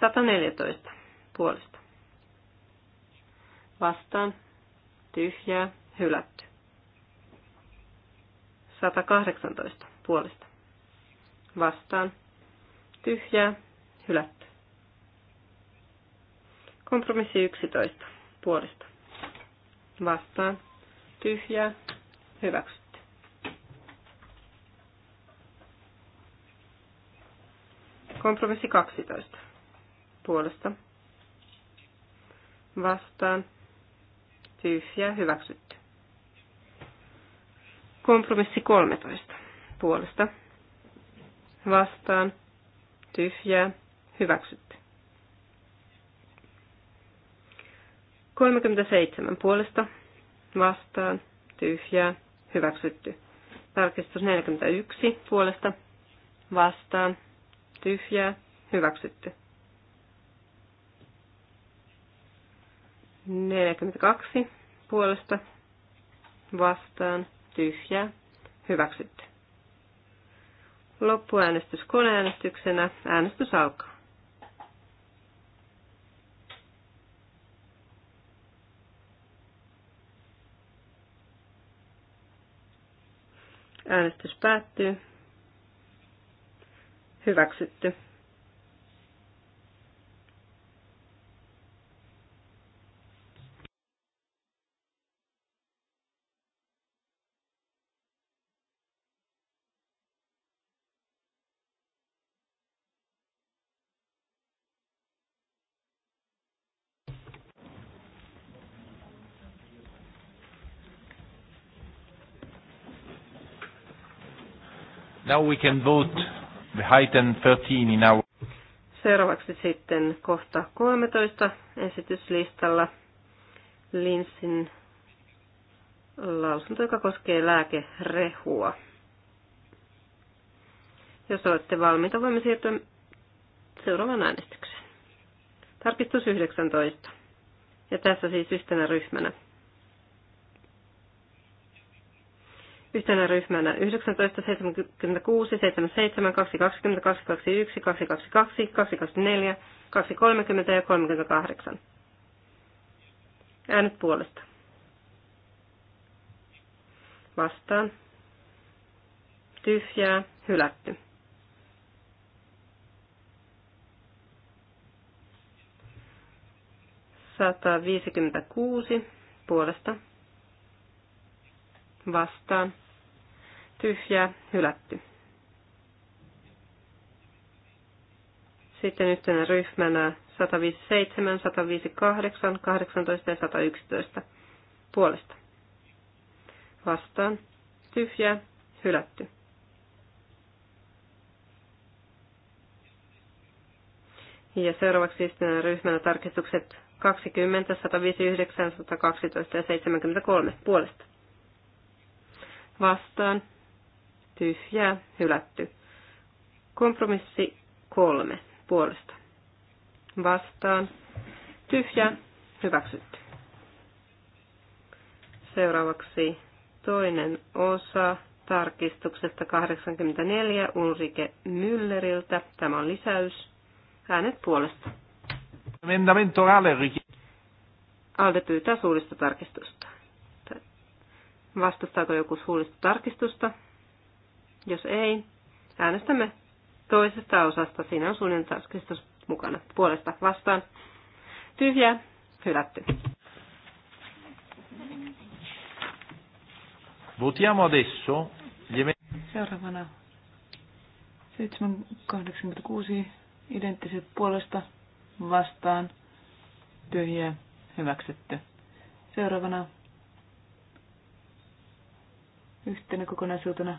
114 puolesta vastaan tyhjää hylätty. 118 puolesta vastaan tyhjää hylätty. Kompromissi 11 puolesta vastaan, tyhjää, hyväksytty. Kompromissi 12 puolesta vastaan, tyhjää, hyväksytty. Kompromissi 13 puolesta vastaan, tyhjää, hyväksytty. 37 puolesta vastaan tyhjää hyväksytty. Tarkistus 41 puolesta vastaan tyhjää hyväksytty. 42 puolesta vastaan tyhjää hyväksytty. Loppuäänestys koneäänestyksenä. Äänestys alkaa. Äänestys päättyy. Hyväksytty. Now we can vote item 13 in our... Seuraavaksi sitten kohta 13 esityslistalla Linsin lausunto, joka koskee lääkerehua. Jos olette valmiita, voimme siirtyä seuraavaan äänestykseen. Tarkistus 19. Ja tässä siis yhtenä ryhmänä. yhtenä ryhmänä 19, 76, 77, 220, 221, 222, 224, 230 ja 38. Äänet puolesta. Vastaan. Tyhjää. Hylätty. Sata viisikymmentäkuusi puolesta vastaan tyhjää, hylätty. Sitten yhtenä ryhmänä 157, 158, 18 ja 111 puolesta. Vastaan, tyhjää, hylätty. Ja seuraavaksi yhtenä ryhmänä tarkistukset 20, 159, 112 ja 73 puolesta. Vastaan, tyhjää, hylätty. Kompromissi kolme puolesta. Vastaan, tyhjää, hyväksytty. Seuraavaksi toinen osa tarkistuksesta 84 Ulrike Mülleriltä. Tämä on lisäys. Äänet puolesta. Alde pyytää suullista tarkistusta. Vastustaako joku suullista tarkistusta? Jos ei, äänestämme toisesta osasta. Siinä on suunnilleen Kristus mukana. Puolesta vastaan. Tyhjä. Hylätty. Votiamo adesso Seuraavana 786 identtiset puolesta vastaan tyhjä hyväksytty. Seuraavana yhtenä kokonaisuutena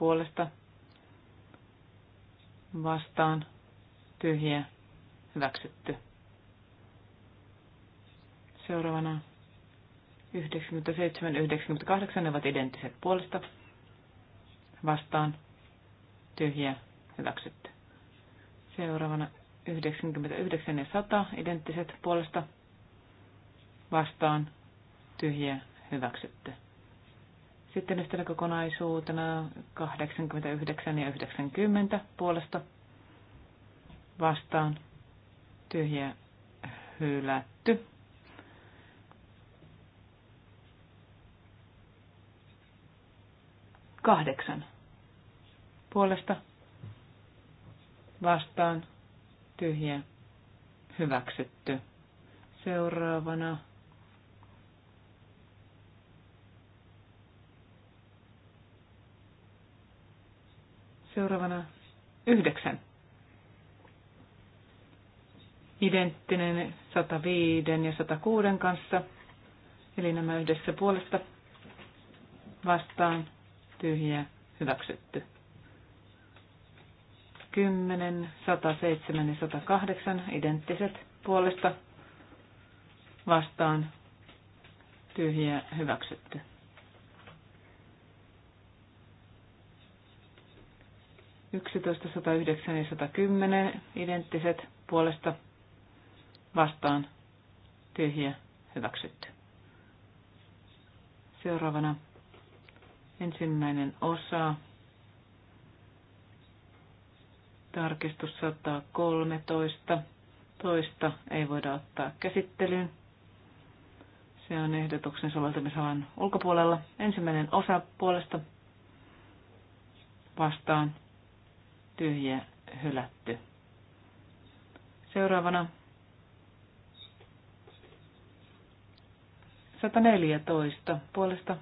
puolesta vastaan tyhjä hyväksytty. Seuraavana 97 98 ne ovat identtiset puolesta vastaan tyhjä hyväksytty. Seuraavana 99 ja 100 identtiset puolesta vastaan tyhjä hyväksytty. Sitten yhtenä kokonaisuutena 89 ja 90 puolesta vastaan tyhjä hylätty. Kahdeksan puolesta vastaan tyhjä hyväksytty. Seuraavana Seuraavana yhdeksän. Identtinen 105 ja 106 kanssa. Eli nämä yhdessä puolesta vastaan tyhjä hyväksytty. 10, 107 ja 108 identtiset puolesta vastaan tyhjä hyväksytty. 11, 109 ja 110 identtiset puolesta vastaan tyhjä hyväksytty. Seuraavana ensimmäinen osa. Tarkistus 113. Toista ei voida ottaa käsittelyyn. Se on ehdotuksen soveltamisalan ulkopuolella. Ensimmäinen osa puolesta vastaan tyhjä hylätty. Seuraavana 114 puolesta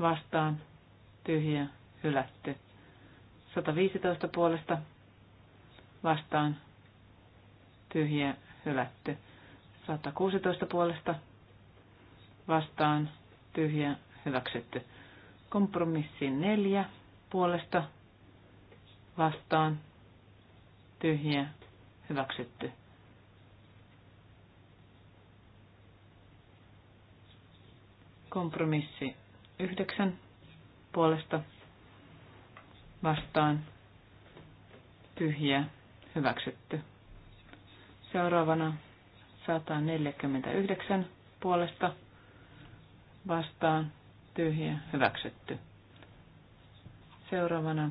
vastaan tyhjä hylätty. 115 puolesta vastaan tyhjä hylätty. 116 puolesta vastaan tyhjä hyväksytty. Kompromissi 4 puolesta vastaan tyhjiä hyväksytty. Kompromissi yhdeksän puolesta vastaan tyhjiä hyväksytty. Seuraavana 149 puolesta vastaan tyhjä hyväksytty. Seuraavana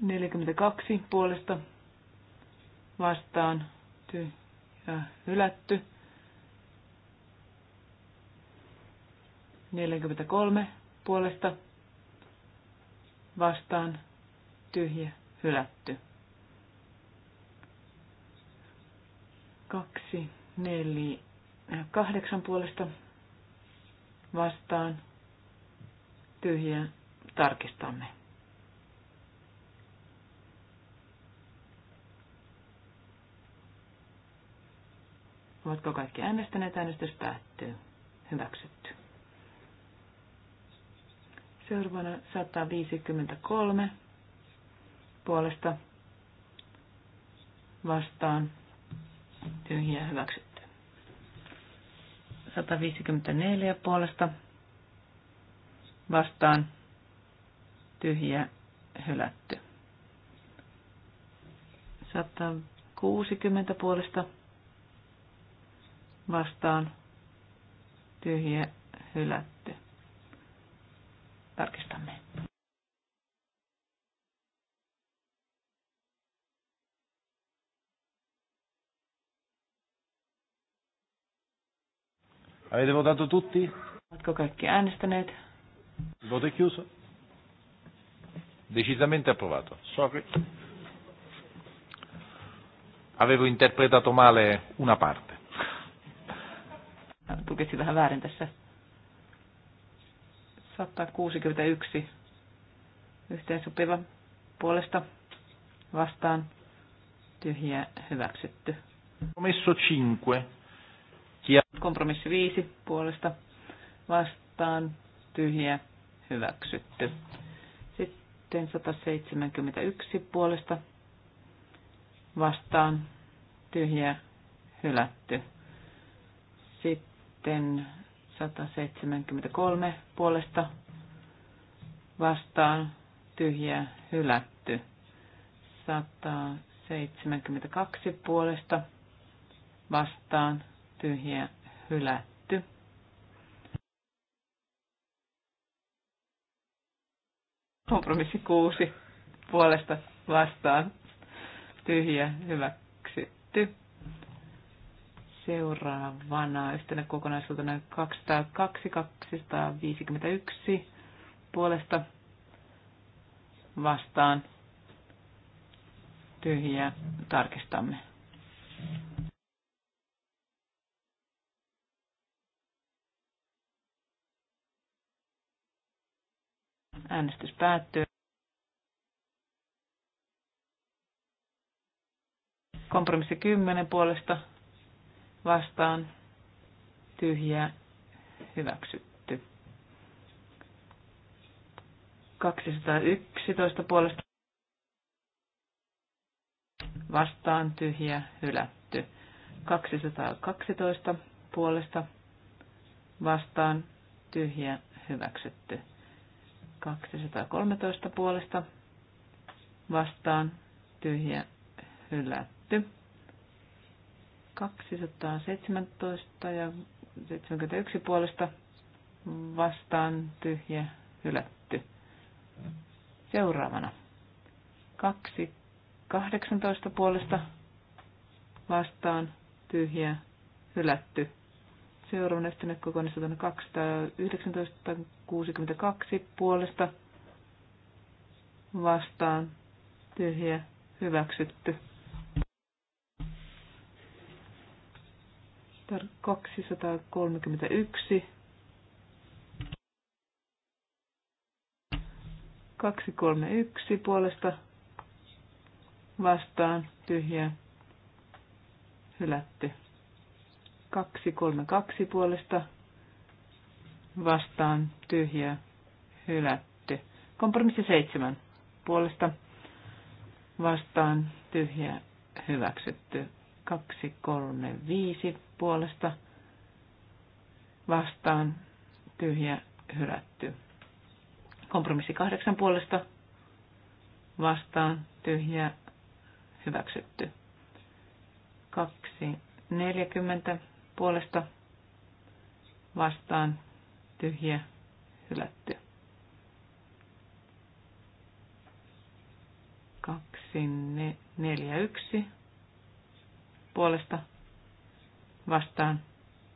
42 puolesta vastaan ja hylätty. 43 puolesta vastaan tyhjä hylätty. 2, 4, 8 puolesta vastaan tyhjä tarkistamme. Ovatko kaikki äänestäneet? Äänestys päättyy. Hyväksytty. Seuraavana 153 puolesta vastaan tyhjiä hyväksytty. 154 puolesta vastaan tyhjiä hylätty. 160 puolesta vastaan vastaan tyhjä hylätty. Tarkistamme. Avete votato tutti? Oletko kaikki äänestäneet? Voto chiuso. Decisamente approvato. Sorry. Avevo interpretato male una parte lukisi vähän väärin tässä. 161 yhteensopiva puolesta vastaan tyhjä hyväksytty. Kompromisso 5. Kompromissi 5 puolesta vastaan tyhjä hyväksytty. Sitten 171 puolesta vastaan tyhjä hylätty. Sitten sitten 173 puolesta vastaan tyhjä hylätty. 172 puolesta vastaan tyhjä hylätty. Kompromissi 6 puolesta vastaan tyhjä hyväksytty seuraavana yhtenä kokonaisuutena 202, 251 puolesta vastaan tyhjiä tarkistamme. Äänestys päättyy. Kompromissi 10 puolesta vastaan tyhjä hyväksytty. 211 puolesta vastaan tyhjä hylätty. 212 puolesta vastaan tyhjä hyväksytty. 213 puolesta vastaan tyhjä hylätty. 217 ja 71 puolesta vastaan tyhjä hylätty. Seuraavana 218 puolesta vastaan tyhjä hylätty. Seuraavana yhtenä kokonaisuutena 21962 puolesta vastaan tyhjä hyväksytty. 231. 231 puolesta vastaan tyhjä hylätty. 232 puolesta vastaan tyhjä hylätty. Kompromissi 7 puolesta vastaan tyhjä hyväksytty. 235 puolesta vastaan tyhjä hylätty. Kompromissi kahdeksan puolesta vastaan tyhjä hyväksytty. Kaksi neljäkymmentä puolesta vastaan tyhjä hylätty. Kaksi ne, neljä yksi puolesta vastaan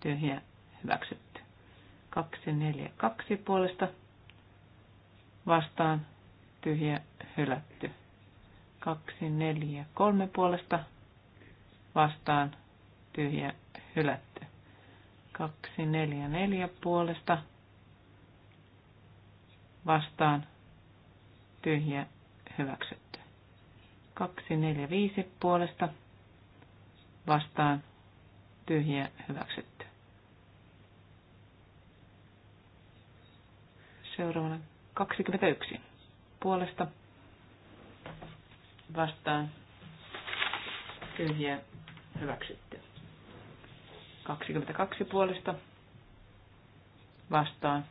tyhjä hyväksytty. 242 puolesta vastaan tyhjä hylätty. 243 puolesta vastaan tyhjä hylätty. 244 puolesta vastaan tyhjä hyväksytty. 245 puolesta vastaan tyhjä pyhiä hyväksytty. Seuraavana 21. Puolesta vastaan pyhiä hyväksytty. 22 puolesta vastaan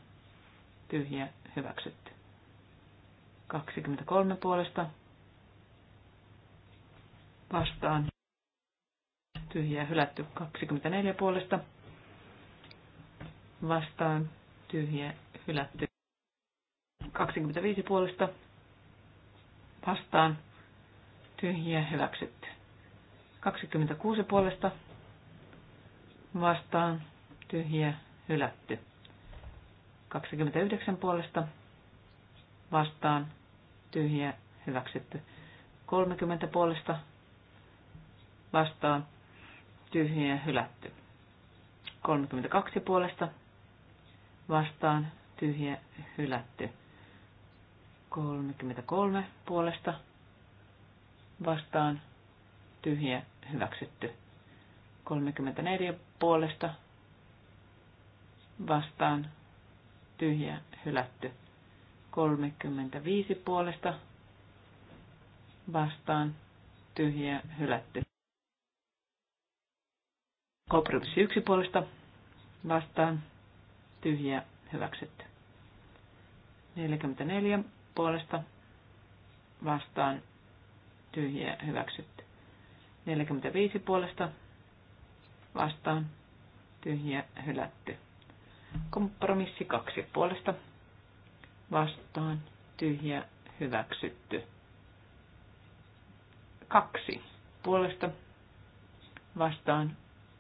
pyhiä hyväksytty. 23 puolesta vastaan tyhjää hylätty 24 puolesta vastaan tyhjä hylätty 25 puolesta vastaan tyhjä hyväksytty 26 puolesta vastaan tyhjä hylätty 29 puolesta vastaan tyhjä hyväksytty 30 puolesta vastaan tyhjiä hylätty. 32 puolesta vastaan tyhjiä hylätty. 33 puolesta vastaan tyhjiä hyväksytty. 34 puolesta vastaan tyhjä hylätty. 35 puolesta vastaan tyhjä hylätty. Kompromissi yksi puolesta vastaan tyhjiä hyväksytty. 44 puolesta vastaan tyhjiä hyväksytty. 45 puolesta vastaan tyhjiä hylätty. Kompromissi kaksi puolesta vastaan tyhjiä hyväksytty. Kaksi puolesta vastaan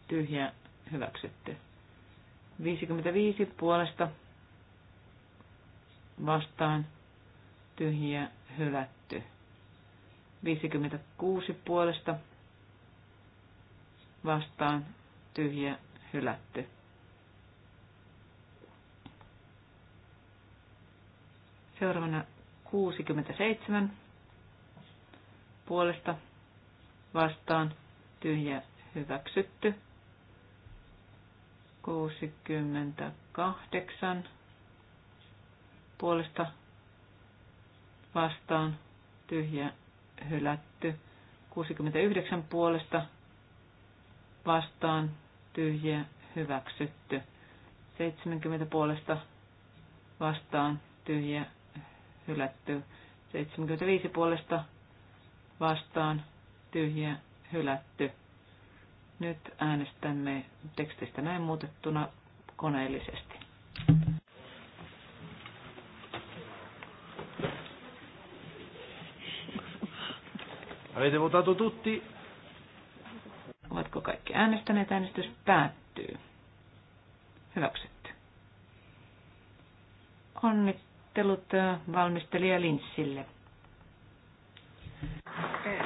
tyhjä hyväksytty. 55 puolesta vastaan tyhjä hylätty. 56 puolesta vastaan tyhjä hylätty. Seuraavana 67 puolesta vastaan tyhjä hyväksytty. 68 puolesta vastaan tyhjä hylätty. 69 puolesta vastaan tyhjä hyväksytty. 70 puolesta vastaan tyhjä hylätty. 75 puolesta vastaan tyhjä hylätty. Nyt äänestämme tekstistä näin muutettuna koneellisesti. Avete votato tutti? Ovatko kaikki äänestäneet? Äänestys päättyy. Hyväksytty. Onnittelut äh, valmistelija Linssille. Eh,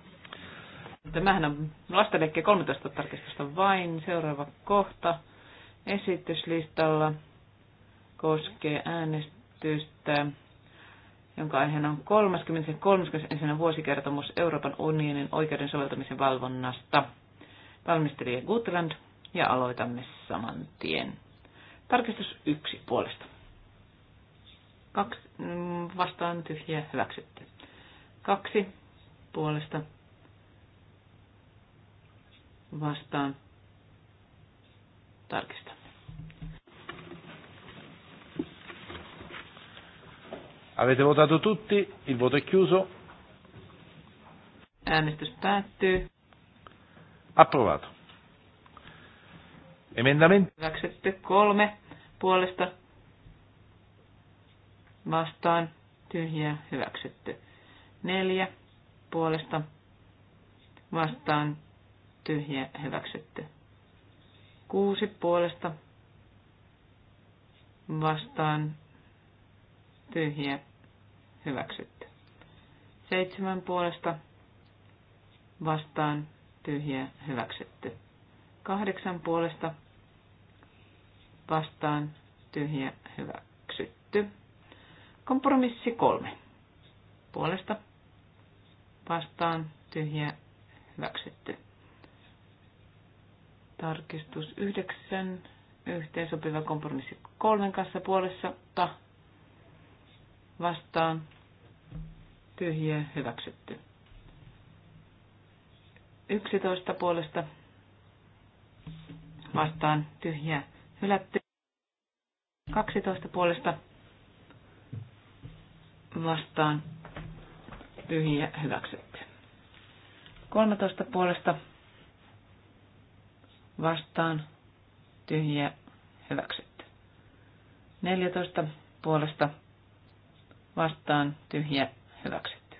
Tämähän on lastenleikkiä 13 tarkistusta vain. Seuraava kohta esityslistalla koskee äänestystä, jonka aiheena on 30. 31. vuosikertomus Euroopan unionin oikeuden soveltamisen valvonnasta. Valmistelija Gutland ja aloitamme saman tien. Tarkistus yksi puolesta. Kaksi mm, vastaan tyhjä hyväksytty. Kaksi puolesta vastaan tarkistamme. Avete votato tutti, il voto è chiuso. Äänestys päättyy. Approvato. Emendamento. Hyväksytty kolme puolesta vastaan tyhjä hyväksytty. Neljä puolesta vastaan tyhjä hyväksytty. Kuusi puolesta vastaan tyhjä hyväksytty. Seitsemän puolesta vastaan tyhjä hyväksytty. Kahdeksan puolesta vastaan tyhjä hyväksytty. Kompromissi kolme. Puolesta vastaan tyhjä hyväksytty. Tarkistus 9 yhteensopiva kompromissi kolmen kanssa puolessa ta vastaan tyhjä, hyväksytty. 11 puolesta vastaan tyhjä, hylätty. 12 puolesta vastaan tyhjä, hyväksytty. 13 puolesta vastaan tyhjiä hyväksytty. 14 puolesta vastaan tyhjiä hyväksytty.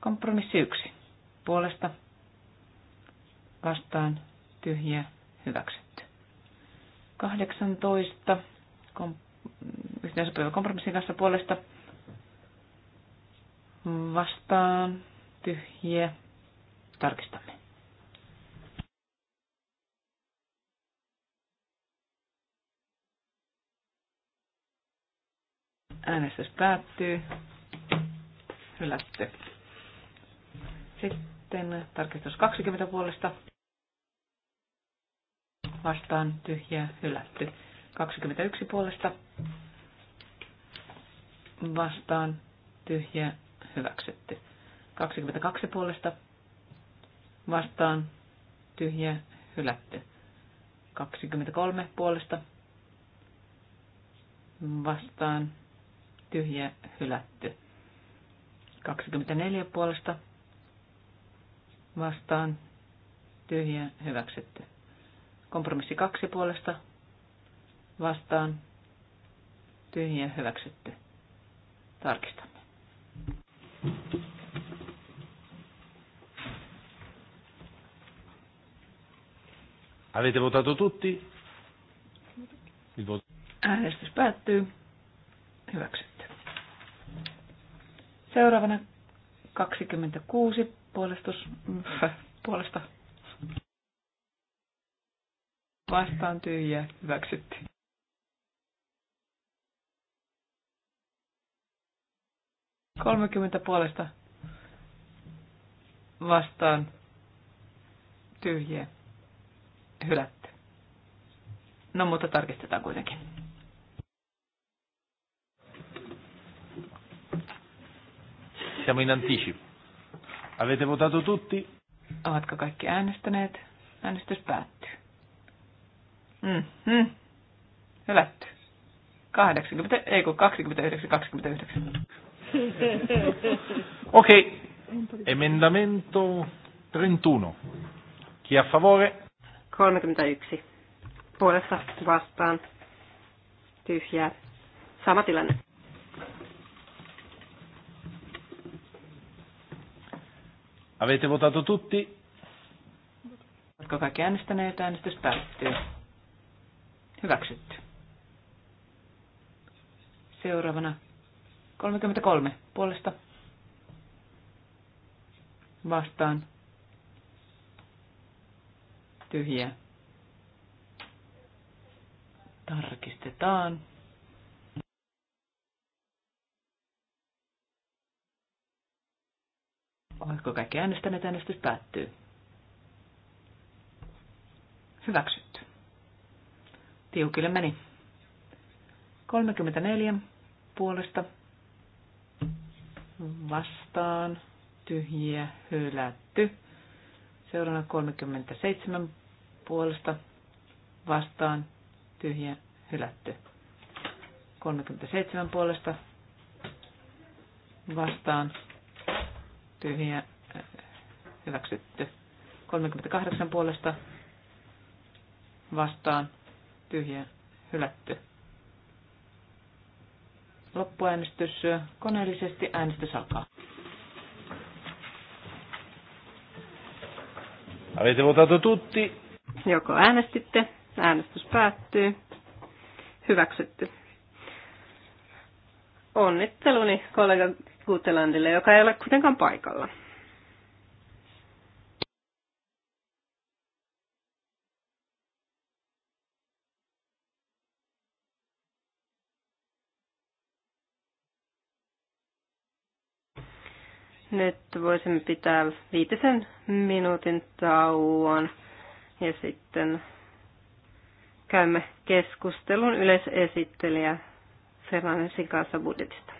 Kompromissi 1 puolesta vastaan tyhjiä hyväksytty. 18 kom- yhteensopiva kompromissin kanssa puolesta vastaan tyhjiä tarkistamme. Äänestys päättyy. Hylätty. Sitten tarkistus 20 puolesta. Vastaan tyhjä hylätty. 21 puolesta. Vastaan tyhjä hyväksytty. 22 puolesta. Vastaan tyhjä hylätty. 23 puolesta vastaan tyhjä hylätty. 24 puolesta vastaan tyhjä hyväksytty. Kompromissi 2 puolesta vastaan tyhjä hyväksytty. Tarkistamme. Avete votato tutti? Äänestys päättyy. Hyväksy. Seuraavana 26 puolestus, puolesta vastaan tyhjä hyväksyttiin. Kolmekymmentä puolesta vastaan tyhjiä hylätty. No mutta tarkistetaan kuitenkin. siamo in anticipo. Avete votato tutti? Ovatko kaikki äänestäneet? Äänestys päättyy. Mm, mm. Hylätty. 80, ei kun 29, 29. Okei, okay. emendamento 31. Chi a favore? 31. Puolesta vastaan. Tyhjää. Sama tilanne. Avete votato tutti? Oletko kaikki äänestäneet? Äänestys päättyy. Hyväksytty. Seuraavana 33 puolesta. Vastaan. Tyhjä. Tarkistetaan. Oletko kaikki äänestäneet? Äänestys päättyy. Hyväksytty. Tiukille meni. 34 puolesta vastaan tyhjiä hylätty. Seuraavana 37 puolesta vastaan tyhjiä hylätty. 37 puolesta vastaan tyhjä äh, hyväksytty. 38 puolesta vastaan tyhjä hylätty. Loppuäänestys koneellisesti äänestys alkaa. Avete votato tutti? Joko äänestitte? Äänestys päättyy. Hyväksytty. Onnitteluni kollega Gutelandille, joka ei ole kuitenkaan paikalla. Nyt voisimme pitää viitisen minuutin tauon ja sitten käymme keskustelun yleisesittelijä Ferranesin kanssa budjetista.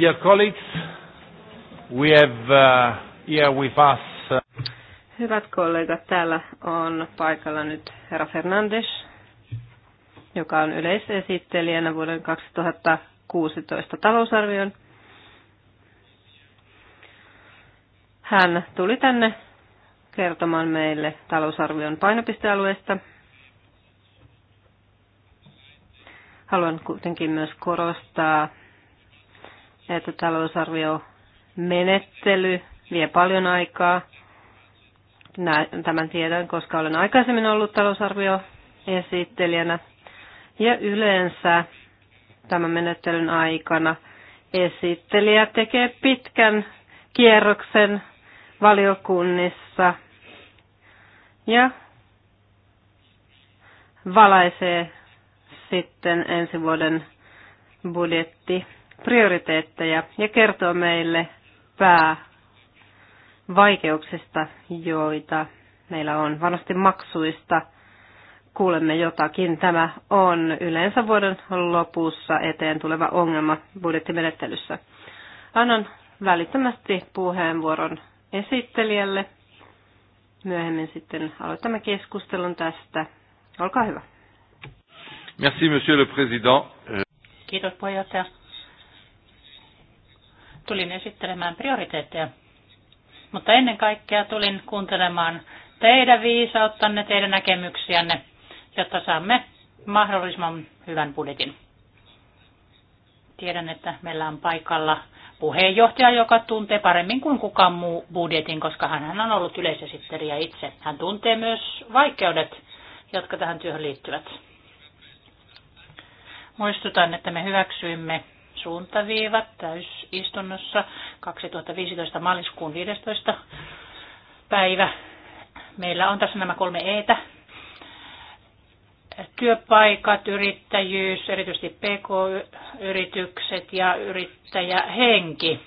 Dear colleagues, we have uh, here with us. Uh, Hyvät kollegat, täällä on paikalla nyt herra Fernandes, joka on yleisesittelijänä vuoden 2016 talousarvion. Hän tuli tänne kertomaan meille talousarvion painopistealueesta. Haluan kuitenkin myös korostaa että talousarvio menettely vie paljon aikaa. Tämän tiedän, koska olen aikaisemmin ollut talousarvio esittelijänä Ja yleensä tämän menettelyn aikana esittelijä tekee pitkän kierroksen valiokunnissa ja valaisee sitten ensi vuoden budjetti prioriteetteja ja kertoo meille päävaikeuksista, joita meillä on. Varmasti maksuista kuulemme jotakin. Tämä on yleensä vuoden lopussa eteen tuleva ongelma budjettimenettelyssä. Annan välittömästi puheenvuoron esittelijälle. Myöhemmin sitten aloitamme keskustelun tästä. Olkaa hyvä. Merci, monsieur le président. Kiitos puheenjohtaja tulin esittelemään prioriteetteja, mutta ennen kaikkea tulin kuuntelemaan teidän viisauttanne, teidän näkemyksiänne, jotta saamme mahdollisimman hyvän budjetin. Tiedän, että meillä on paikalla puheenjohtaja, joka tuntee paremmin kuin kukaan muu budjetin, koska hän on ollut yleisesittelijä itse. Hän tuntee myös vaikeudet, jotka tähän työhön liittyvät. Muistutan, että me hyväksyimme suuntaviivat täysistunnossa 2015 maaliskuun 15. päivä. Meillä on tässä nämä kolme eetä. Työpaikat, yrittäjyys, erityisesti pk-yritykset ja yrittäjähenki.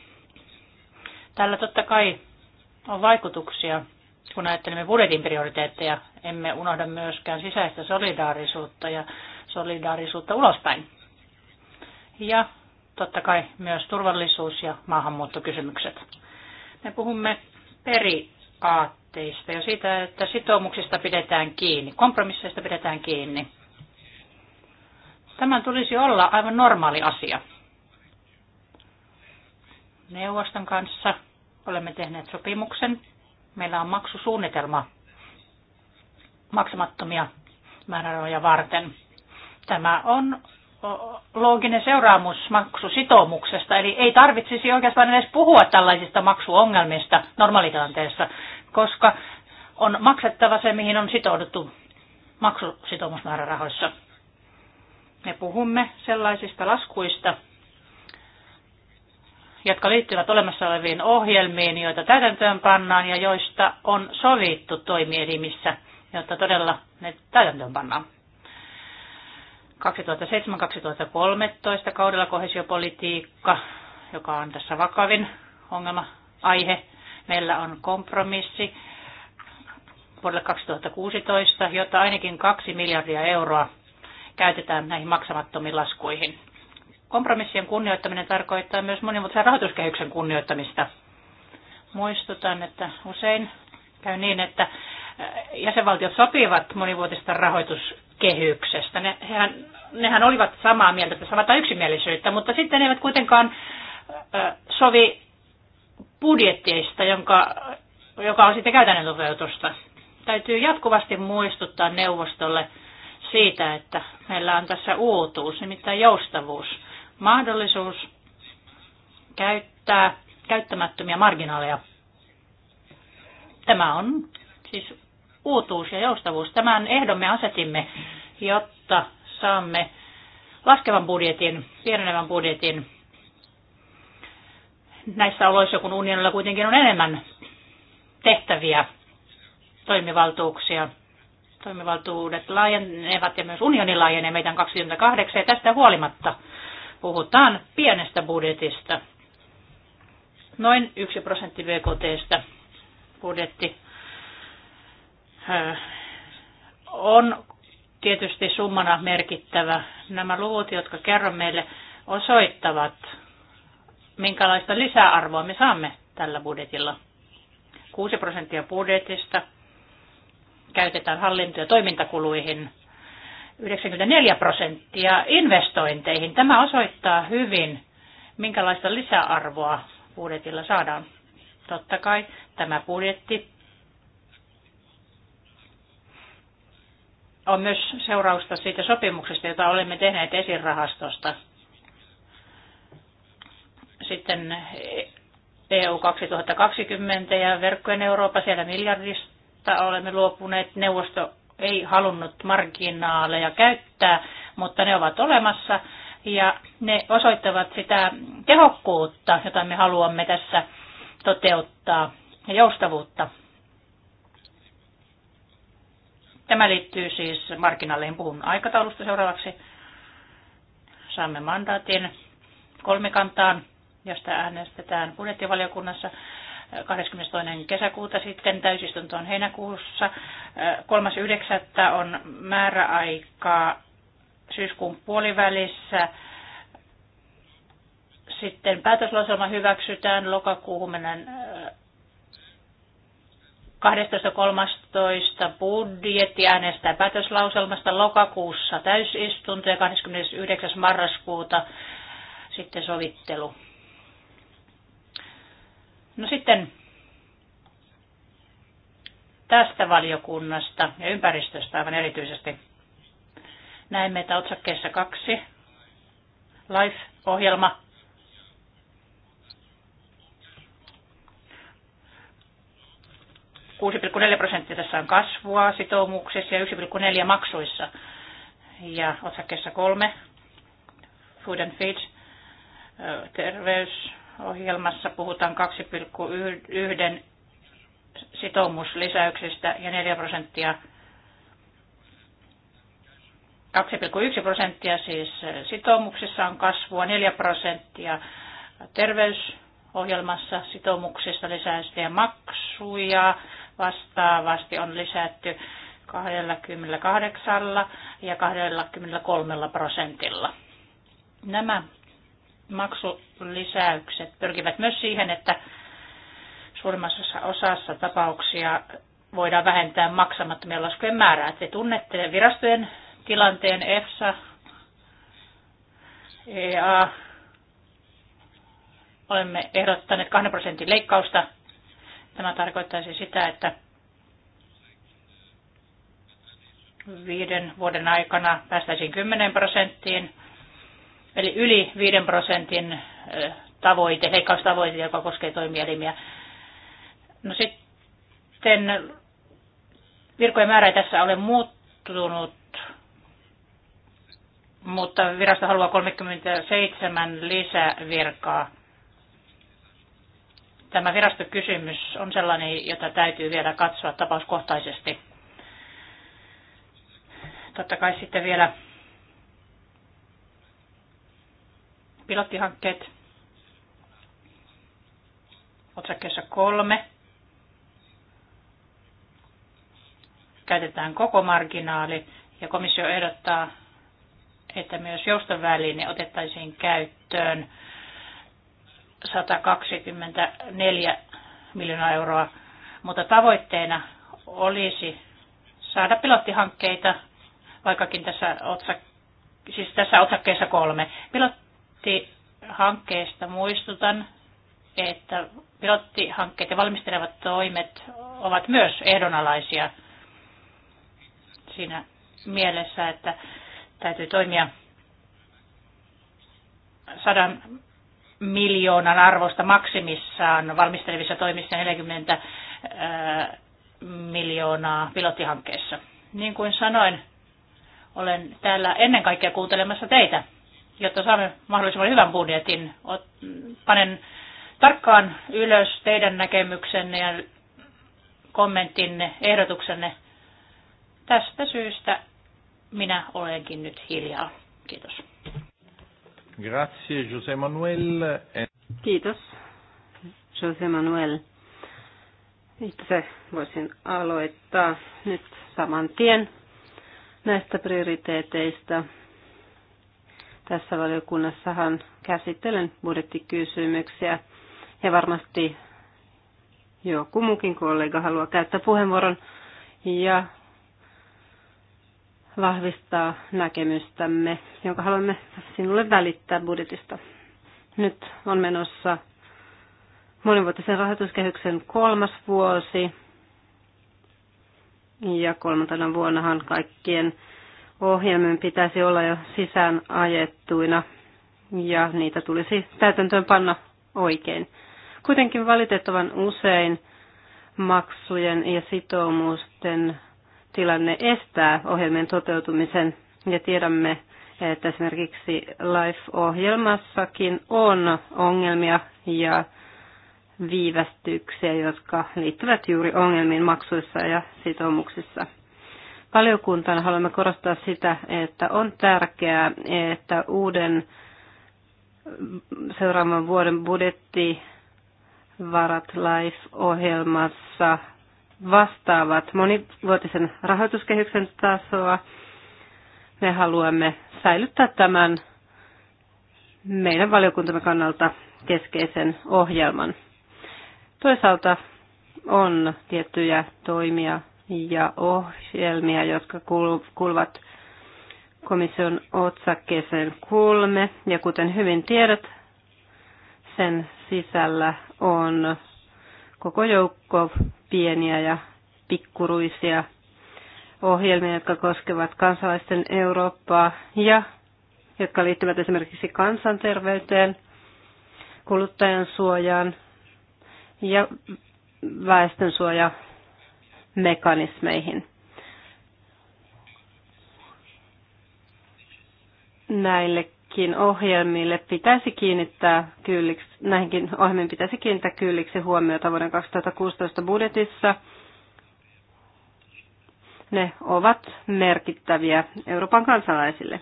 Tällä totta kai on vaikutuksia, kun ajattelemme budjetin prioriteetteja. Emme unohda myöskään sisäistä solidaarisuutta ja solidaarisuutta ulospäin. Ja totta kai myös turvallisuus- ja maahanmuuttokysymykset. Me puhumme periaatteista ja siitä, että sitoumuksista pidetään kiinni, kompromisseista pidetään kiinni. Tämän tulisi olla aivan normaali asia. Neuvoston kanssa olemme tehneet sopimuksen. Meillä on maksusuunnitelma maksamattomia määrärahoja varten. Tämä on looginen seuraamus maksusitoumuksesta. Eli ei tarvitsisi oikeastaan edes puhua tällaisista maksuongelmista normaalitilanteessa, koska on maksettava se, mihin on sitouduttu maksusitoumusmäärärahoissa. Me puhumme sellaisista laskuista, jotka liittyvät olemassa oleviin ohjelmiin, joita täytäntöön pannaan ja joista on sovittu toimielimissä, jotta todella ne täytäntöön pannaan. 2007-2013 kaudella kohesiopolitiikka, joka on tässä vakavin ongelma-aihe. Meillä on kompromissi vuodelle 2016, jotta ainakin 2 miljardia euroa käytetään näihin maksamattomiin laskuihin. Kompromissien kunnioittaminen tarkoittaa myös monimutkaisen rahoituskehyksen kunnioittamista. Muistutan, että usein käy niin, että jäsenvaltiot sopivat monivuotista rahoitus kehyksestä. Ne, hehän, nehän olivat samaa mieltä, että samata yksimielisyyttä, mutta sitten ne eivät kuitenkaan sovi budjettiista, jonka, joka on sitten käytännön toteutusta. Täytyy jatkuvasti muistuttaa neuvostolle siitä, että meillä on tässä uutuus, nimittäin joustavuus, mahdollisuus käyttää käyttämättömiä marginaaleja. Tämä on siis uutuus ja joustavuus. Tämän ehdon me asetimme, jotta saamme laskevan budjetin, pienenevän budjetin näissä oloissa, kun unionilla kuitenkin on enemmän tehtäviä, toimivaltuuksia. Toimivaltuudet laajenevat ja myös unioni laajenee meidän 28 ja tästä huolimatta puhutaan pienestä budjetista. Noin 1 prosentti VKTstä budjetti on tietysti summana merkittävä. Nämä luvut, jotka kerron meille, osoittavat, minkälaista lisäarvoa me saamme tällä budjetilla. 6 prosenttia budjetista käytetään hallinto- ja toimintakuluihin, 94 prosenttia investointeihin. Tämä osoittaa hyvin, minkälaista lisäarvoa budjetilla saadaan. Totta kai tämä budjetti on myös seurausta siitä sopimuksesta, jota olemme tehneet esirahastosta. Sitten EU 2020 ja verkkojen Eurooppa, siellä miljardista olemme luopuneet. Neuvosto ei halunnut marginaaleja käyttää, mutta ne ovat olemassa ja ne osoittavat sitä tehokkuutta, jota me haluamme tässä toteuttaa ja joustavuutta. Tämä liittyy siis markkinalleen Puhun aikataulusta seuraavaksi. Saamme mandaatin kolmikantaan, josta äänestetään budjettivaliokunnassa 22. kesäkuuta sitten, täysistunto on heinäkuussa. 3.9. on määräaika syyskuun puolivälissä. Sitten päätöslauselma hyväksytään lokakuuhun mennään 12.13. budjetti äänestää päätöslauselmasta lokakuussa täysistunto ja 29. marraskuuta sitten sovittelu. No sitten tästä valiokunnasta ja ympäristöstä aivan erityisesti. Näemme, että otsakkeessa kaksi, LIFE-ohjelma, 6,4 prosenttia tässä on kasvua sitoumuksessa ja 1,4 maksuissa. Ja otsakkeessa kolme, Food and Feed, terveysohjelmassa puhutaan 2,1 sitoumuslisäyksestä ja 4 prosenttia 2,1 prosenttia siis sitoumuksissa on kasvua, 4 prosenttia terveysohjelmassa sitoumuksista lisäystä ja maksuja vastaavasti on lisätty 28 ja 23 prosentilla. Nämä maksulisäykset pyrkivät myös siihen, että suurimmassa osassa tapauksia voidaan vähentää maksamattomien laskujen määrää. Te tunnette virastojen tilanteen EFSA, EA, olemme ehdottaneet 2 prosentin leikkausta Tämä tarkoittaisi sitä, että viiden vuoden aikana päästäisiin 10 prosenttiin, eli yli 5 prosentin tavoite, leikkaustavoite, joka koskee toimielimiä. No sitten virkojen määrä ei tässä ole muuttunut, mutta virasto haluaa 37 lisävirkaa. Tämä virastokysymys on sellainen, jota täytyy vielä katsoa tapauskohtaisesti. Totta kai sitten vielä pilottihankkeet otsakkeessa kolme. Käytetään koko marginaali ja komissio ehdottaa, että myös joustoväline otettaisiin käyttöön 124 miljoonaa euroa, mutta tavoitteena olisi saada pilottihankkeita, vaikkakin tässä, otsa, siis tässä otsakkeessa kolme. Pilottihankkeesta muistutan, että pilottihankkeet ja valmistelevat toimet ovat myös ehdonalaisia siinä mielessä, että täytyy toimia sadan miljoonan arvosta maksimissaan valmistelevissa toimissa 40 miljoonaa pilottihankkeessa. Niin kuin sanoin, olen täällä ennen kaikkea kuuntelemassa teitä, jotta saamme mahdollisimman hyvän budjetin. Panen tarkkaan ylös teidän näkemyksenne ja kommenttinne, ehdotuksenne. Tästä syystä minä olenkin nyt hiljaa. Kiitos. Grazie José Manuel. Eh, Kiitos José Manuel. Itse voisin aloittaa nyt saman tien näistä prioriteeteista. Tässä valiokunnassahan käsittelen budjettikysymyksiä ja varmasti joku muukin kollega haluaa käyttää puheenvuoron ja vahvistaa näkemystämme, jonka haluamme sinulle välittää budjetista. Nyt on menossa monivuotisen rahoituskehyksen kolmas vuosi. Ja kolmantena vuonnahan kaikkien ohjelmien pitäisi olla jo sisään ajettuina ja niitä tulisi täytäntöön panna oikein. Kuitenkin valitettavan usein maksujen ja sitoumusten tilanne estää ohjelmien toteutumisen ja tiedämme, että esimerkiksi LIFE-ohjelmassakin on ongelmia ja viivästyksiä, jotka liittyvät juuri ongelmiin maksuissa ja sitoumuksissa. Valiokuntana haluamme korostaa sitä, että on tärkeää, että uuden seuraavan vuoden budjettivarat LIFE-ohjelmassa vastaavat monivuotisen rahoituskehyksen tasoa. Me haluamme säilyttää tämän meidän valiokuntamme kannalta keskeisen ohjelman. Toisaalta on tiettyjä toimia ja ohjelmia, jotka kuuluvat komission otsakkeeseen kolme. Ja kuten hyvin tiedät, sen sisällä on koko joukko pieniä ja pikkuruisia ohjelmia, jotka koskevat kansalaisten Eurooppaa ja jotka liittyvät esimerkiksi kansanterveyteen, kuluttajan suojaan ja väestönsuojamekanismeihin. Näille näillekin ohjelmille pitäisi kiinnittää kylliksi, näihinkin ohjelmiin pitäisi kiinnittää kylliksi huomiota vuoden 2016 budjetissa. Ne ovat merkittäviä Euroopan kansalaisille.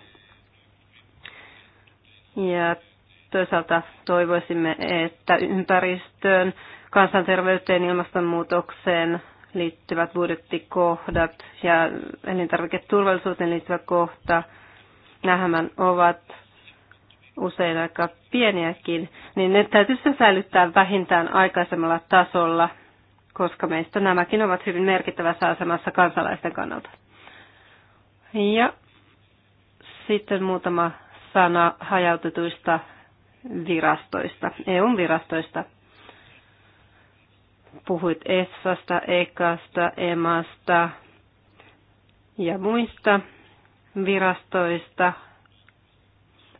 Ja toisaalta toivoisimme, että ympäristöön, kansanterveyteen, ilmastonmuutokseen liittyvät budjettikohdat ja elintarviketurvallisuuteen liittyvät kohta, nämähän ovat usein aika pieniäkin, niin ne täytyisi säilyttää vähintään aikaisemmalla tasolla, koska meistä nämäkin ovat hyvin merkittävässä asemassa kansalaisten kannalta. Ja sitten muutama sana hajautetuista virastoista, EUn virastoista. Puhuit EFSAsta, EKAsta, EMAsta ja muista virastoista,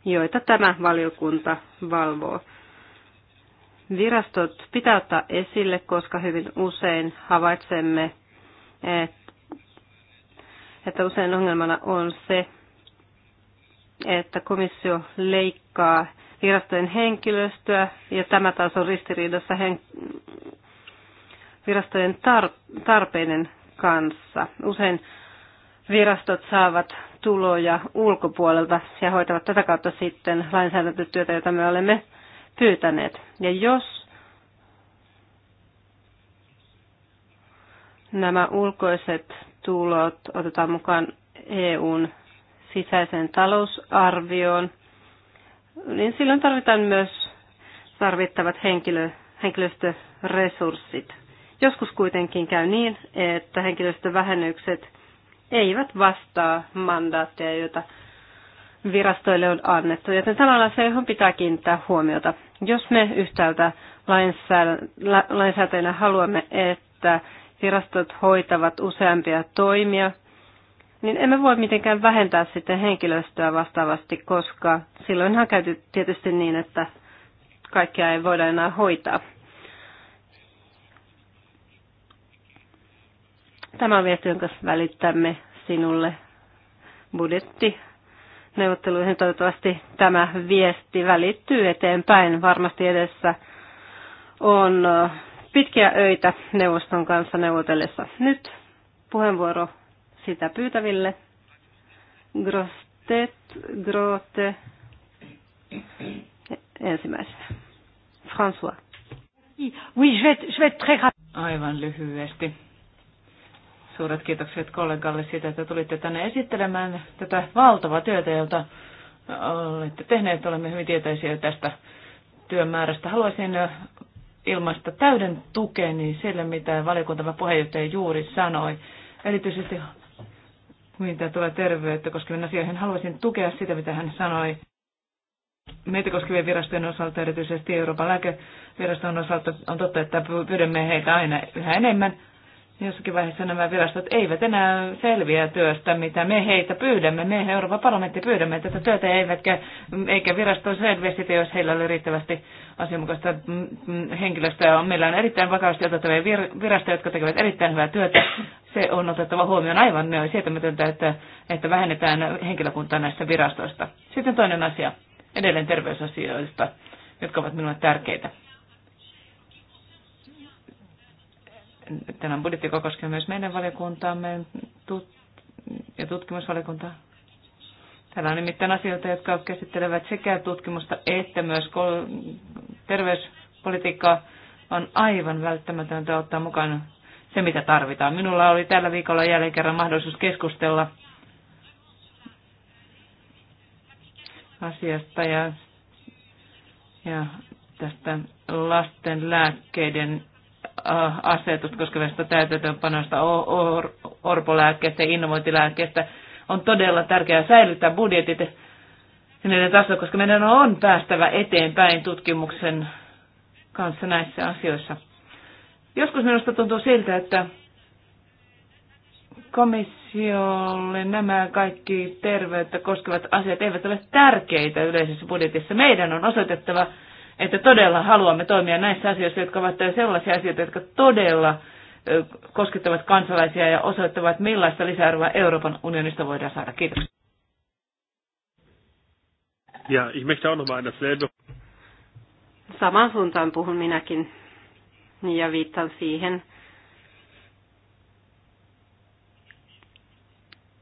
joita tämä valiokunta valvoo. Virastot pitää ottaa esille, koska hyvin usein havaitsemme, että usein ongelmana on se, että komissio leikkaa virastojen henkilöstöä, ja tämä taas on ristiriidassa hen, virastojen tar, tarpeiden kanssa. Usein virastot saavat tuloja ulkopuolelta ja hoitavat tätä kautta sitten lainsäädäntötyötä, jota me olemme pyytäneet. Ja jos nämä ulkoiset tulot otetaan mukaan EUn sisäiseen talousarvioon, niin silloin tarvitaan myös tarvittavat henkilö, henkilöstöresurssit. Joskus kuitenkin käy niin, että henkilöstövähennykset – eivät vastaa mandaatteja, joita virastoille on annettu. Joten tämä se, johon pitää kiinnittää huomiota. Jos me yhtäältä lainsäätäjänä haluamme, että virastot hoitavat useampia toimia, niin emme voi mitenkään vähentää sitten henkilöstöä vastaavasti, koska silloinhan käyty tietysti niin, että kaikkea ei voida enää hoitaa. Tämä on viesti, jonka välittämme sinulle budjetti neuvotteluihin. Toivottavasti tämä viesti välittyy eteenpäin. Varmasti edessä on pitkiä öitä neuvoston kanssa neuvotellessa. Nyt puheenvuoro sitä pyytäville. Grostet, Grote ensimmäisenä. François. Aivan lyhyesti Suuret kiitokset kollegalle siitä, että tulitte tänne esittelemään tätä valtavaa työtä, jota olette tehneet. Olemme hyvin tietoisia tästä työmäärästä. Haluaisin ilmaista täyden tukeni sille, mitä valiokunta puheenjohtaja juuri sanoi. Erityisesti mitä tulee terveyttä koskevien asioihin, haluaisin tukea sitä, mitä hän sanoi. Meitä koskevien virastojen osalta, erityisesti Euroopan lääkeviraston osalta, on totta, että pyydämme heitä aina yhä enemmän jossakin vaiheessa nämä virastot eivät enää selviä työstä, mitä me heitä pyydämme. Me Euroopan parlamentti pyydämme tätä työtä, eivätkä, eikä virasto selviä sitä, jos heillä oli riittävästi asianmukaista mm, mm, henkilöstöä. Meillä on erittäin vakavasti otettavia virastoja, jotka tekevät erittäin hyvää työtä. Se on otettava huomioon aivan sietämätöntä, että, että vähennetään henkilökuntaa näistä virastoista. Sitten toinen asia, edelleen terveysasioista, jotka ovat minulle tärkeitä. tämän budjetti koskee myös meidän valiokuntaamme ja tutkimusvaliokuntaa. Täällä on nimittäin asioita, jotka käsittelevät sekä tutkimusta että myös terveyspolitiikkaa. On aivan välttämätöntä ottaa mukaan se, mitä tarvitaan. Minulla oli tällä viikolla jälleen kerran mahdollisuus keskustella asiasta ja, ja tästä lasten lääkkeiden Äh, asetusta koskevasta täytäntöönpanosta, orpolääkkeestä ja innovointilääkkeestä. On todella tärkeää säilyttää budjetit sinne tasolle koska meidän on päästävä eteenpäin tutkimuksen kanssa näissä asioissa. Joskus minusta tuntuu siltä, että komissiolle nämä kaikki terveyttä koskevat asiat eivät ole tärkeitä yleisessä budjetissa. Meidän on osoitettava että todella haluamme toimia näissä asioissa, jotka ovat sellaisia asioita, jotka todella koskettavat kansalaisia ja osoittavat, millaista lisäarvoa Euroopan unionista voidaan saada. Kiitos. Ja, ihmeksi on auch Samaan suuntaan puhun minäkin ja viittaan siihen,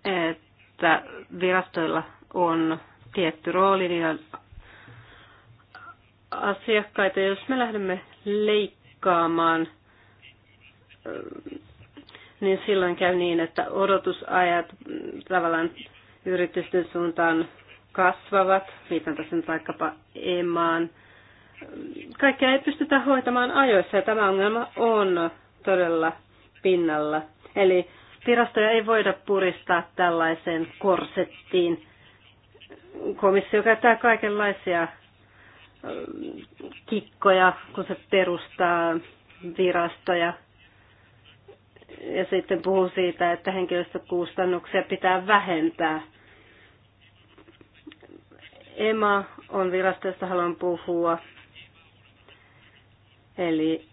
että virastoilla on tietty rooli, niillä asiakkaita. Jos me lähdemme leikkaamaan, niin silloin käy niin, että odotusajat tavallaan yritysten suuntaan kasvavat, viitan tässä nyt vaikkapa emaan. Kaikkea ei pystytä hoitamaan ajoissa ja tämä ongelma on todella pinnalla. Eli virastoja ei voida puristaa tällaiseen korsettiin. Komissio käyttää kaikenlaisia kikkoja, kun se perustaa virastoja. Ja sitten puhuu siitä, että henkilöstökustannuksia pitää vähentää. Emma on virasto, josta haluan puhua. Eli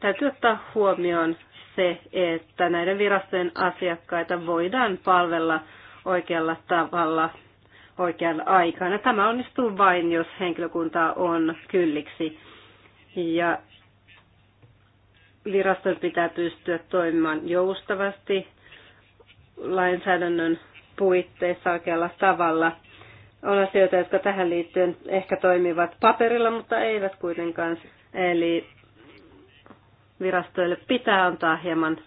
täytyy ottaa huomioon se, että näiden virastojen asiakkaita voidaan palvella oikealla tavalla oikealla aikaan. tämä onnistuu vain, jos henkilökuntaa on kylliksi. Ja viraston pitää pystyä toimimaan joustavasti lainsäädännön puitteissa oikealla tavalla. On asioita, jotka tähän liittyen ehkä toimivat paperilla, mutta eivät kuitenkaan. Eli virastoille pitää antaa hieman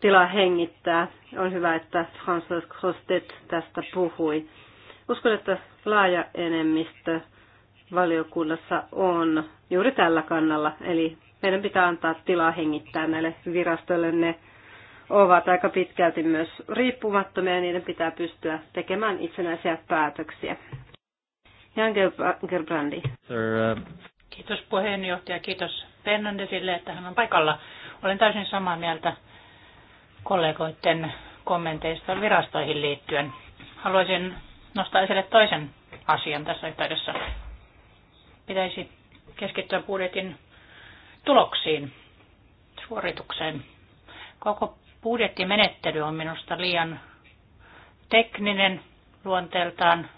tilaa hengittää. On hyvä, että François Crostet tästä puhui. Uskon, että laaja enemmistö valiokunnassa on juuri tällä kannalla. Eli meidän pitää antaa tilaa hengittää näille virastoille. Ne ovat aika pitkälti myös riippumattomia ja niiden pitää pystyä tekemään itsenäisiä päätöksiä. Jan Gerbrandi. Uh, kiitos puheenjohtaja, kiitos Fernandesille, että hän on paikalla. Olen täysin samaa mieltä kollegoiden kommenteista virastoihin liittyen. Haluaisin nostaa esille toisen asian tässä yhteydessä. Pitäisi keskittyä budjetin tuloksiin, suoritukseen. Koko budjettimenettely on minusta liian tekninen luonteeltaan.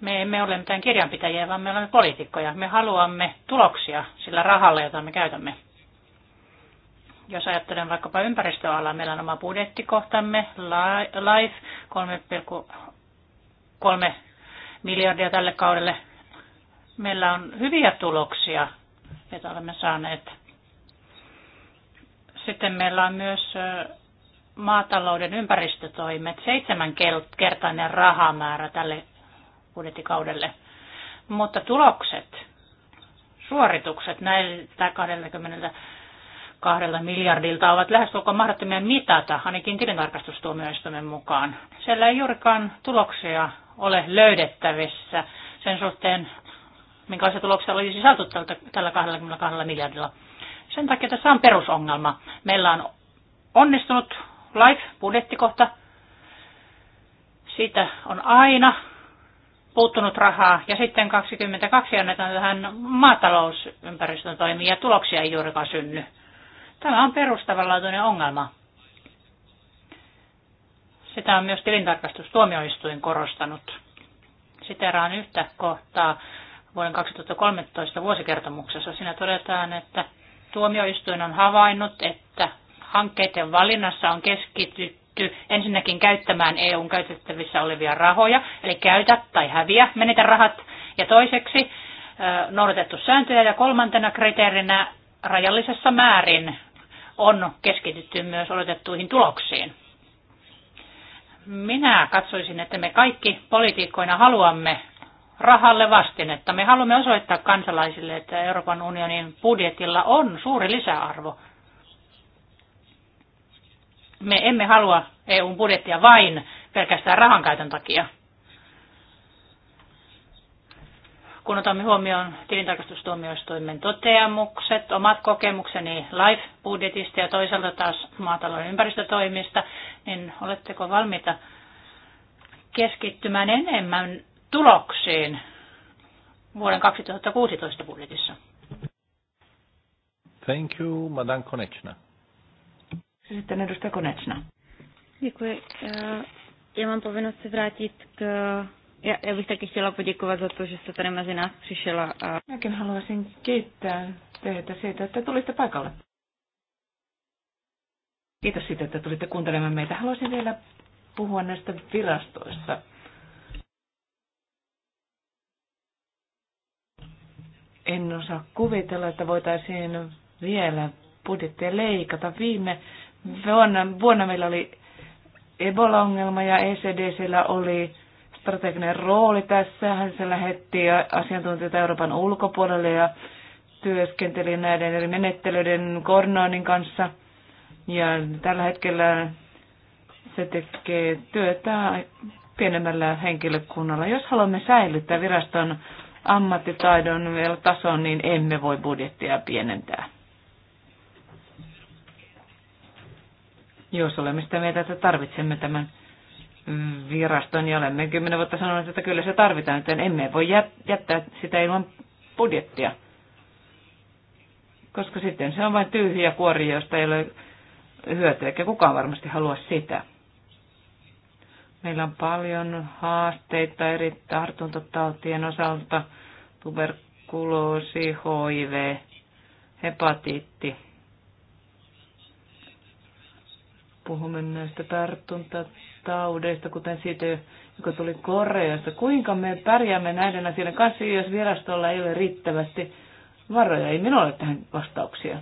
Me emme ole mitään kirjanpitäjiä, vaan me olemme poliitikkoja. Me haluamme tuloksia sillä rahalla, jota me käytämme. Jos ajattelen vaikkapa ympäristöalaa, meillä on oma budjettikohtamme, LIFE, 3,3 miljardia tälle kaudelle. Meillä on hyviä tuloksia, joita olemme saaneet. Sitten meillä on myös maatalouden ympäristötoimet, seitsemänkertainen rahamäärä tälle budjettikaudelle. Mutta tulokset, suoritukset näiltä 20 Kahdella miljardilta ovat koko mahdottomia mitata, ainakin tilintarkastustuomioistuimen mukaan. Siellä ei juurikaan tuloksia ole löydettävissä sen suhteen, minkälaisia tuloksia olisi sisälty tältä, tällä 22 miljardilla. Sen takia tässä on perusongelma. Meillä on onnistunut live-budjettikohta. Siitä on aina puuttunut rahaa. Ja sitten 22 annetaan tähän maatalousympäristön toimiin ja tuloksia ei juurikaan synny. Tämä on perustavanlaatuinen ongelma. Sitä on myös tilintarkastustuomioistuin korostanut. Siteraan yhtä kohtaa vuoden 2013 vuosikertomuksessa. Siinä todetaan, että tuomioistuin on havainnut, että hankkeiden valinnassa on keskitytty ensinnäkin käyttämään EUn käytettävissä olevia rahoja, eli käytä tai häviä, menetä rahat, ja toiseksi noudatettu sääntöjä, ja kolmantena kriteerinä rajallisessa määrin on keskitytty myös odotettuihin tuloksiin. Minä katsoisin, että me kaikki poliitikkoina haluamme rahalle vastinetta. Me haluamme osoittaa kansalaisille, että Euroopan unionin budjetilla on suuri lisäarvo. Me emme halua EUn budjettia vain pelkästään rahankäytön takia. kun otamme huomioon tilintarkastustuomioistuimen toteamukset, omat kokemukseni LIFE-budjetista ja toisaalta taas maatalouden ympäristötoimista, niin oletteko valmiita keskittymään enemmän tuloksiin vuoden 2016 budjetissa? Thank you, Madame Konechna. Sitten edustaja Konechna. ja eh, Já mám povinnost se vrátit k ja, ja bych taky chtěla poděkovat za to, že jste tady mezi nás přišla. A... Mäkin haluaisin kiittää teitä siitä, että tulitte paikalle. Kiitos siitä, että tulitte kuuntelemaan meitä. Haluaisin vielä puhua näistä virastoista. En osaa kuvitella, että voitaisiin vielä budjettia leikata. Viime vuonna, vuonna meillä oli Ebola-ongelma ja ECDCllä oli strateginen rooli tässä. Hän se lähetti asiantuntijoita Euroopan ulkopuolelle ja työskenteli näiden eri menettelyiden koordinoinnin kanssa. Ja tällä hetkellä se tekee työtä pienemmällä henkilökunnalla. Jos haluamme säilyttää viraston ammattitaidon tason, niin emme voi budjettia pienentää. Jos olemme sitä mieltä, että tarvitsemme tämän viraston ja olemme kymmenen vuotta sanoneet, että kyllä se tarvitaan, että emme voi jättää sitä ilman budjettia. Koska sitten se on vain tyhjiä kuori, josta ei ole hyötyä, eikä kukaan varmasti halua sitä. Meillä on paljon haasteita eri tartuntatautien osalta, tuberkuloosi, HIV, hepatiitti. Puhumme näistä tartuntatautien taudeista, kuten siitä, joka tuli Koreasta. Kuinka me pärjäämme näiden asioiden kanssa, jos virastolla ei ole riittävästi varoja? Ei minulla ole tähän vastauksia.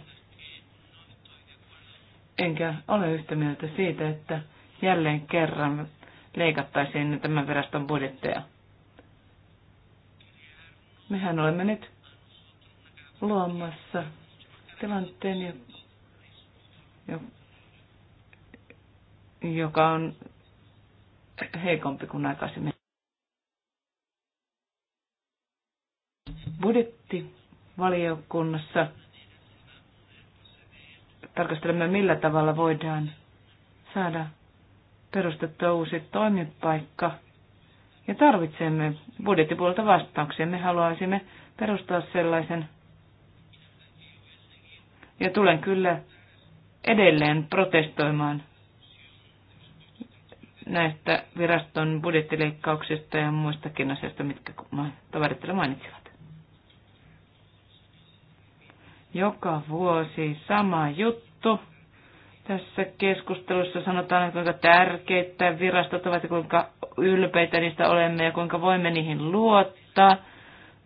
Enkä ole yhtä mieltä siitä, että jälleen kerran leikattaisiin tämän viraston budjetteja. Mehän olemme nyt luomassa tilanteen, joka on heikompi kuin aikaisemmin. Budjettivaliokunnassa tarkastelemme, millä tavalla voidaan saada perustettua uusi toimipaikka. Ja tarvitsemme budjettipuolta vastauksia. Me haluaisimme perustaa sellaisen. Ja tulen kyllä edelleen protestoimaan näistä viraston budjettileikkauksista ja muistakin asioista, mitkä toverit mainitsivat. Joka vuosi sama juttu. Tässä keskustelussa sanotaan, kuinka tärkeitä virastot ovat ja kuinka ylpeitä niistä olemme ja kuinka voimme niihin luottaa.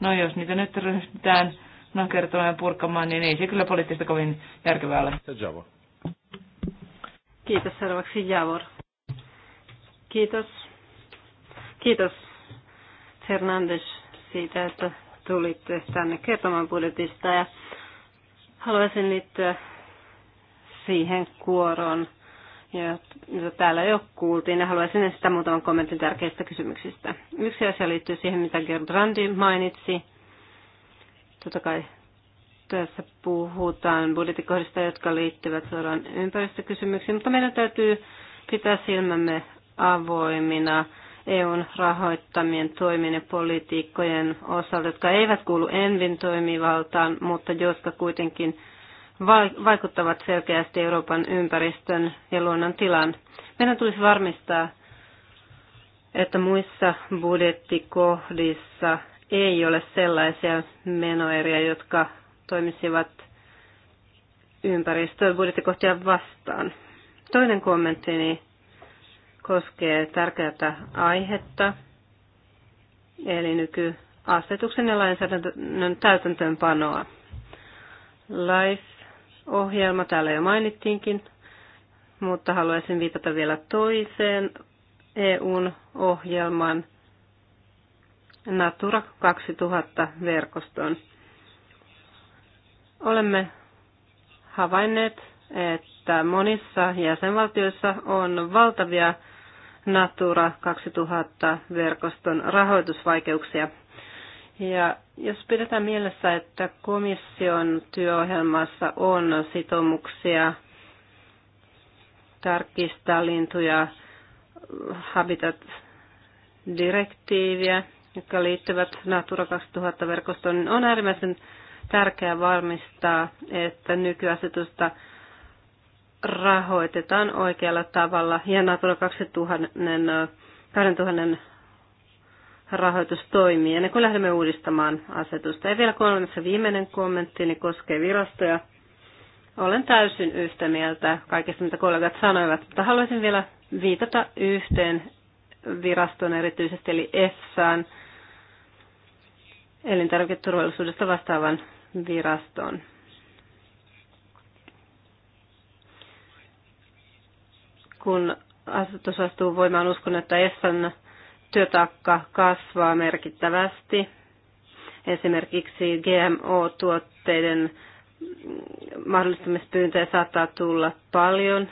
No jos niitä nyt ryhdytään no kertomaan ja purkamaan, niin ei se kyllä poliittista kovin järkevää ole. Kiitos seuraavaksi Javor. Kiitos. Kiitos Fernandes siitä, että tulitte tänne kertomaan budjetista ja haluaisin liittyä siihen kuoroon, jota täällä jo kuultiin ja haluaisin esittää muutaman kommentin tärkeistä kysymyksistä. Yksi asia liittyy siihen, mitä Gerdrandi mainitsi. Totta kai tässä puhutaan budjettikohdista, jotka liittyvät suoraan ympäristökysymyksiin, mutta meidän täytyy pitää silmämme avoimina EUn rahoittamien toiminen politiikkojen osalta, jotka eivät kuulu Envin toimivaltaan, mutta jotka kuitenkin vaikuttavat selkeästi Euroopan ympäristön ja luonnon tilaan. Meidän tulisi varmistaa, että muissa budjettikohdissa ei ole sellaisia menoeriä, jotka toimisivat ympäristöbudjettikohtia vastaan. Toinen kommenttini koskee tärkeää aihetta, eli nykyasetuksen ja lainsäädännön täytäntöönpanoa. LIFE-ohjelma täällä jo mainittiinkin, mutta haluaisin viitata vielä toiseen EUn ohjelman Natura 2000-verkoston. Olemme havainneet, että monissa jäsenvaltioissa on valtavia Natura 2000-verkoston rahoitusvaikeuksia. Ja jos pidetään mielessä, että komission työohjelmassa on sitoumuksia tarkistaa lintuja Habitat-direktiiviä, jotka liittyvät Natura 2000-verkostoon, niin on äärimmäisen tärkeää varmistaa, että nykyasetusta rahoitetaan oikealla tavalla ja Natura 2000, 2000 rahoitus toimii. Ennen kuin lähdemme uudistamaan asetusta. Ja vielä kolmessa viimeinen kommentti, niin koskee virastoja. Olen täysin yhtä mieltä kaikesta, mitä kollegat sanoivat, mutta haluaisin vielä viitata yhteen viraston erityisesti, eli EFSAan, elintarviketurvallisuudesta vastaavan viraston. Kun asetus astuu voimaan, uskon, että Essan työtaakka kasvaa merkittävästi. Esimerkiksi GMO-tuotteiden mahdollistamispyyntöjä saattaa tulla paljon.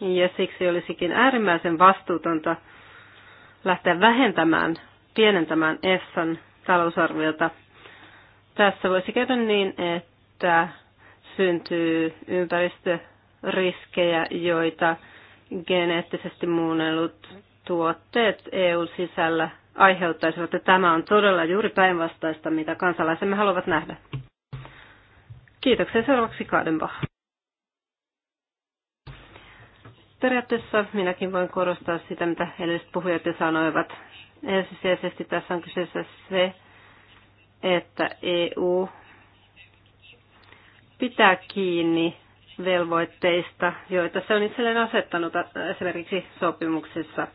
Ja siksi olisikin äärimmäisen vastuutonta lähteä vähentämään, pienentämään Essan talousarviota. Tässä voisi käydä niin, että syntyy ympäristö- riskejä, joita geneettisesti muunnellut tuotteet EUn sisällä aiheuttaisivat. Ja tämä on todella juuri päinvastaista, mitä kansalaisemme haluavat nähdä. Kiitoksia seuraavaksi Kadenbach. Periaatteessa minäkin voin korostaa sitä, mitä edelliset puhujat jo sanoivat. Ensisijaisesti tässä on kyseessä se, että EU pitää kiinni velvoitteista, joita se on itselleen asettanut esimerkiksi sopimuksessa.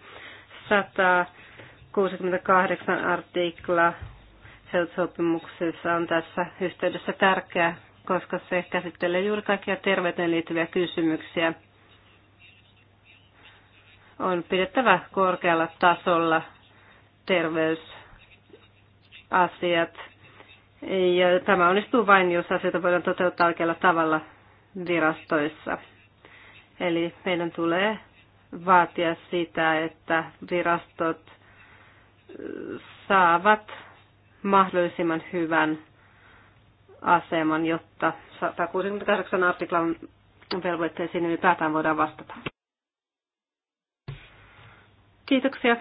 168 artikla sopimuksessa on tässä yhteydessä tärkeä, koska se käsittelee juuri kaikkia terveyteen liittyviä kysymyksiä. On pidettävä korkealla tasolla terveysasiat. Ja tämä onnistuu vain, jos asioita voidaan toteuttaa oikealla tavalla virastoissa. Eli meidän tulee vaatia sitä, että virastot saavat mahdollisimman hyvän aseman, jotta 168 artiklan velvoitteisiin ylipäätään voidaan vastata. Kiitoksia.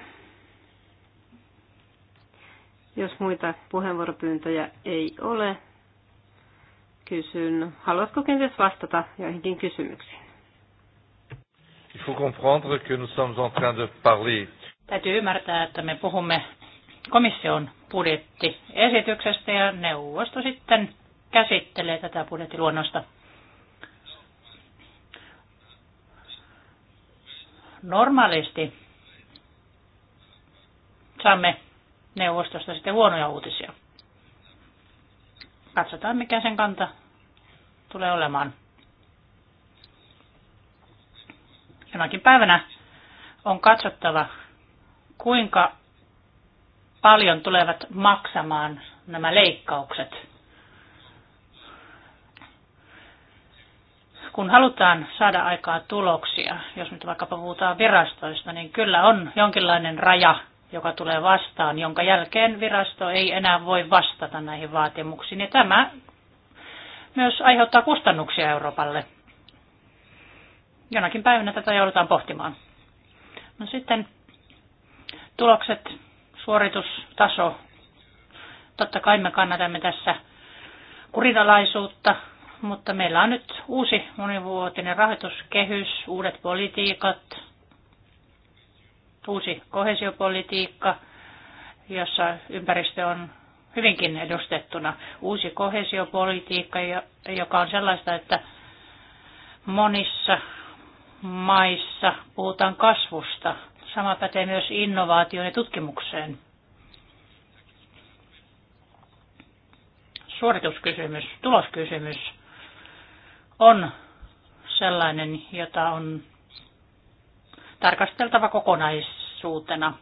Jos muita puheenvuoropyyntöjä ei ole, kysyn, haluatko kenties vastata joihinkin kysymyksiin? Il faut comprendre que nous sommes en train de parler. Täytyy ymmärtää, että me puhumme komission budjettiesityksestä ja neuvosto sitten käsittelee tätä budjettiluonnosta. Normaalisti saamme neuvostosta sitten huonoja uutisia. Katsotaan, mikä sen kanta tulee olemaan. Jonakin päivänä on katsottava, kuinka paljon tulevat maksamaan nämä leikkaukset. Kun halutaan saada aikaa tuloksia, jos nyt vaikka puhutaan virastoista, niin kyllä on jonkinlainen raja joka tulee vastaan, jonka jälkeen virasto ei enää voi vastata näihin vaatimuksiin. Ja tämä myös aiheuttaa kustannuksia Euroopalle. Jonakin päivänä tätä joudutaan pohtimaan. No sitten tulokset, suoritustaso. Totta kai me kannatamme tässä kurinalaisuutta, mutta meillä on nyt uusi monivuotinen rahoituskehys, uudet politiikat, uusi kohesiopolitiikka, jossa ympäristö on hyvinkin edustettuna. Uusi kohesiopolitiikka, joka on sellaista, että monissa maissa puhutaan kasvusta. Sama pätee myös innovaatioon ja tutkimukseen. Suorituskysymys, tuloskysymys on sellainen, jota on tarkasteltava kokonaisuutena.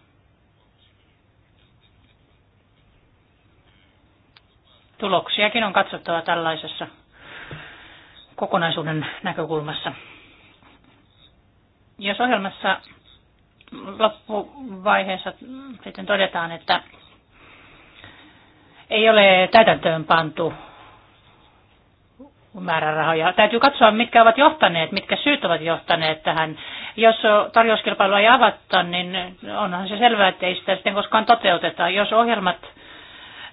Tuloksiakin on katsottava tällaisessa kokonaisuuden näkökulmassa. Jos ohjelmassa loppuvaiheessa sitten todetaan, että ei ole täytäntöön pantu määrärahoja. Täytyy katsoa, mitkä ovat johtaneet, mitkä syyt ovat johtaneet tähän jos tarjouskilpailua ei avata, niin onhan se selvää, että ei sitä sitten koskaan toteuteta. Jos ohjelmat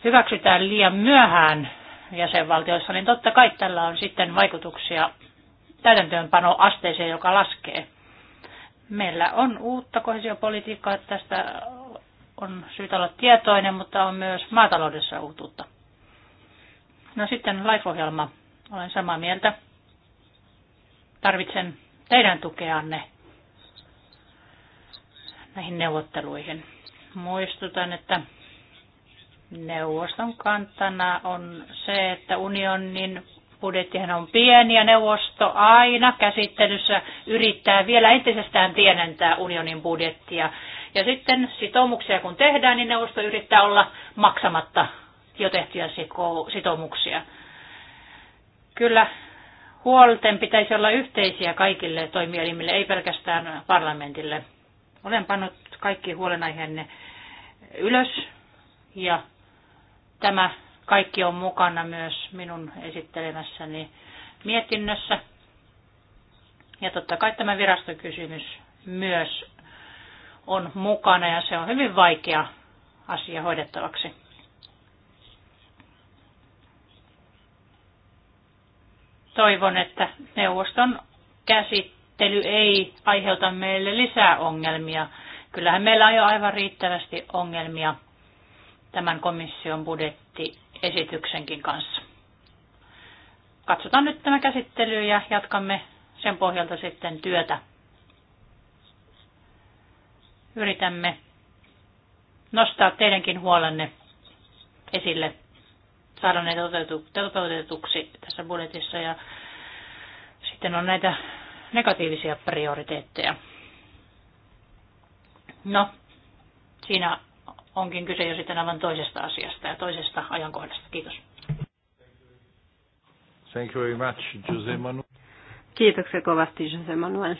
hyväksytään liian myöhään jäsenvaltioissa, niin totta kai tällä on sitten vaikutuksia täytäntöönpanoasteeseen, joka laskee. Meillä on uutta kohesiopolitiikkaa, tästä on syytä olla tietoinen, mutta on myös maataloudessa uutuutta. No sitten LIFE-ohjelma. Olen samaa mieltä. Tarvitsen teidän tukeanne näihin neuvotteluihin. Muistutan, että neuvoston kantana on se, että unionin budjettihan on pieni ja neuvosto aina käsittelyssä yrittää vielä entisestään pienentää unionin budjettia. Ja sitten sitoumuksia kun tehdään, niin neuvosto yrittää olla maksamatta jo tehtyjä sitoumuksia. Kyllä huolten pitäisi olla yhteisiä kaikille toimielimille, ei pelkästään parlamentille. Olen pannut kaikki huolenaiheenne ylös ja tämä kaikki on mukana myös minun esittelemässäni mietinnössä. Ja totta kai tämä virastokysymys myös on mukana ja se on hyvin vaikea asia hoidettavaksi. Toivon, että neuvoston käsit sääntely ei aiheuta meille lisää ongelmia. Kyllähän meillä on jo aivan riittävästi ongelmia tämän komission budjettiesityksenkin kanssa. Katsotaan nyt tämä käsittely ja jatkamme sen pohjalta sitten työtä. Yritämme nostaa teidänkin huolenne esille, saada ne toteutetuksi tässä budjetissa ja sitten on näitä negatiivisia prioriteetteja. No, siinä onkin kyse jo sitten aivan toisesta asiasta ja toisesta ajankohdasta. Kiitos. Thank you very much, Jose Manuel. Kiitoksia kovasti, Jose Manuel.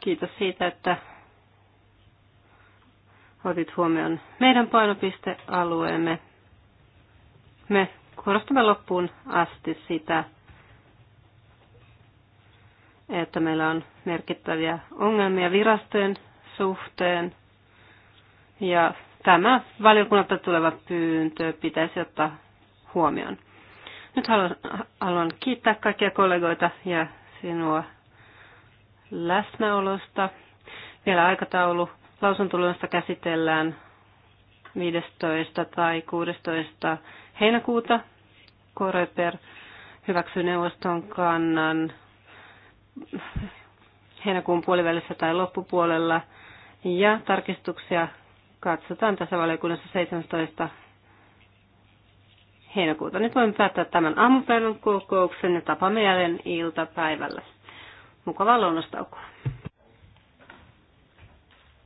Kiitos siitä, että otit huomioon meidän painopistealueemme. Me korostamme loppuun asti sitä, että meillä on merkittäviä ongelmia virastojen suhteen. Ja tämä valiokunnalta tuleva pyyntö pitäisi ottaa huomioon. Nyt haluan, haluan kiittää kaikkia kollegoita ja sinua läsnäolosta. Vielä aikataulu lausuntoluonnosta käsitellään 15. tai 16. heinäkuuta Koreper hyväksyi neuvoston kannan heinäkuun puolivälissä tai loppupuolella ja tarkistuksia katsotaan tässä valiokunnassa 17. heinäkuuta. Nyt voimme päättää tämän aamupäivän kokouksen ja tapaamme jälleen iltapäivällä. Mukavaa lounastaukoa.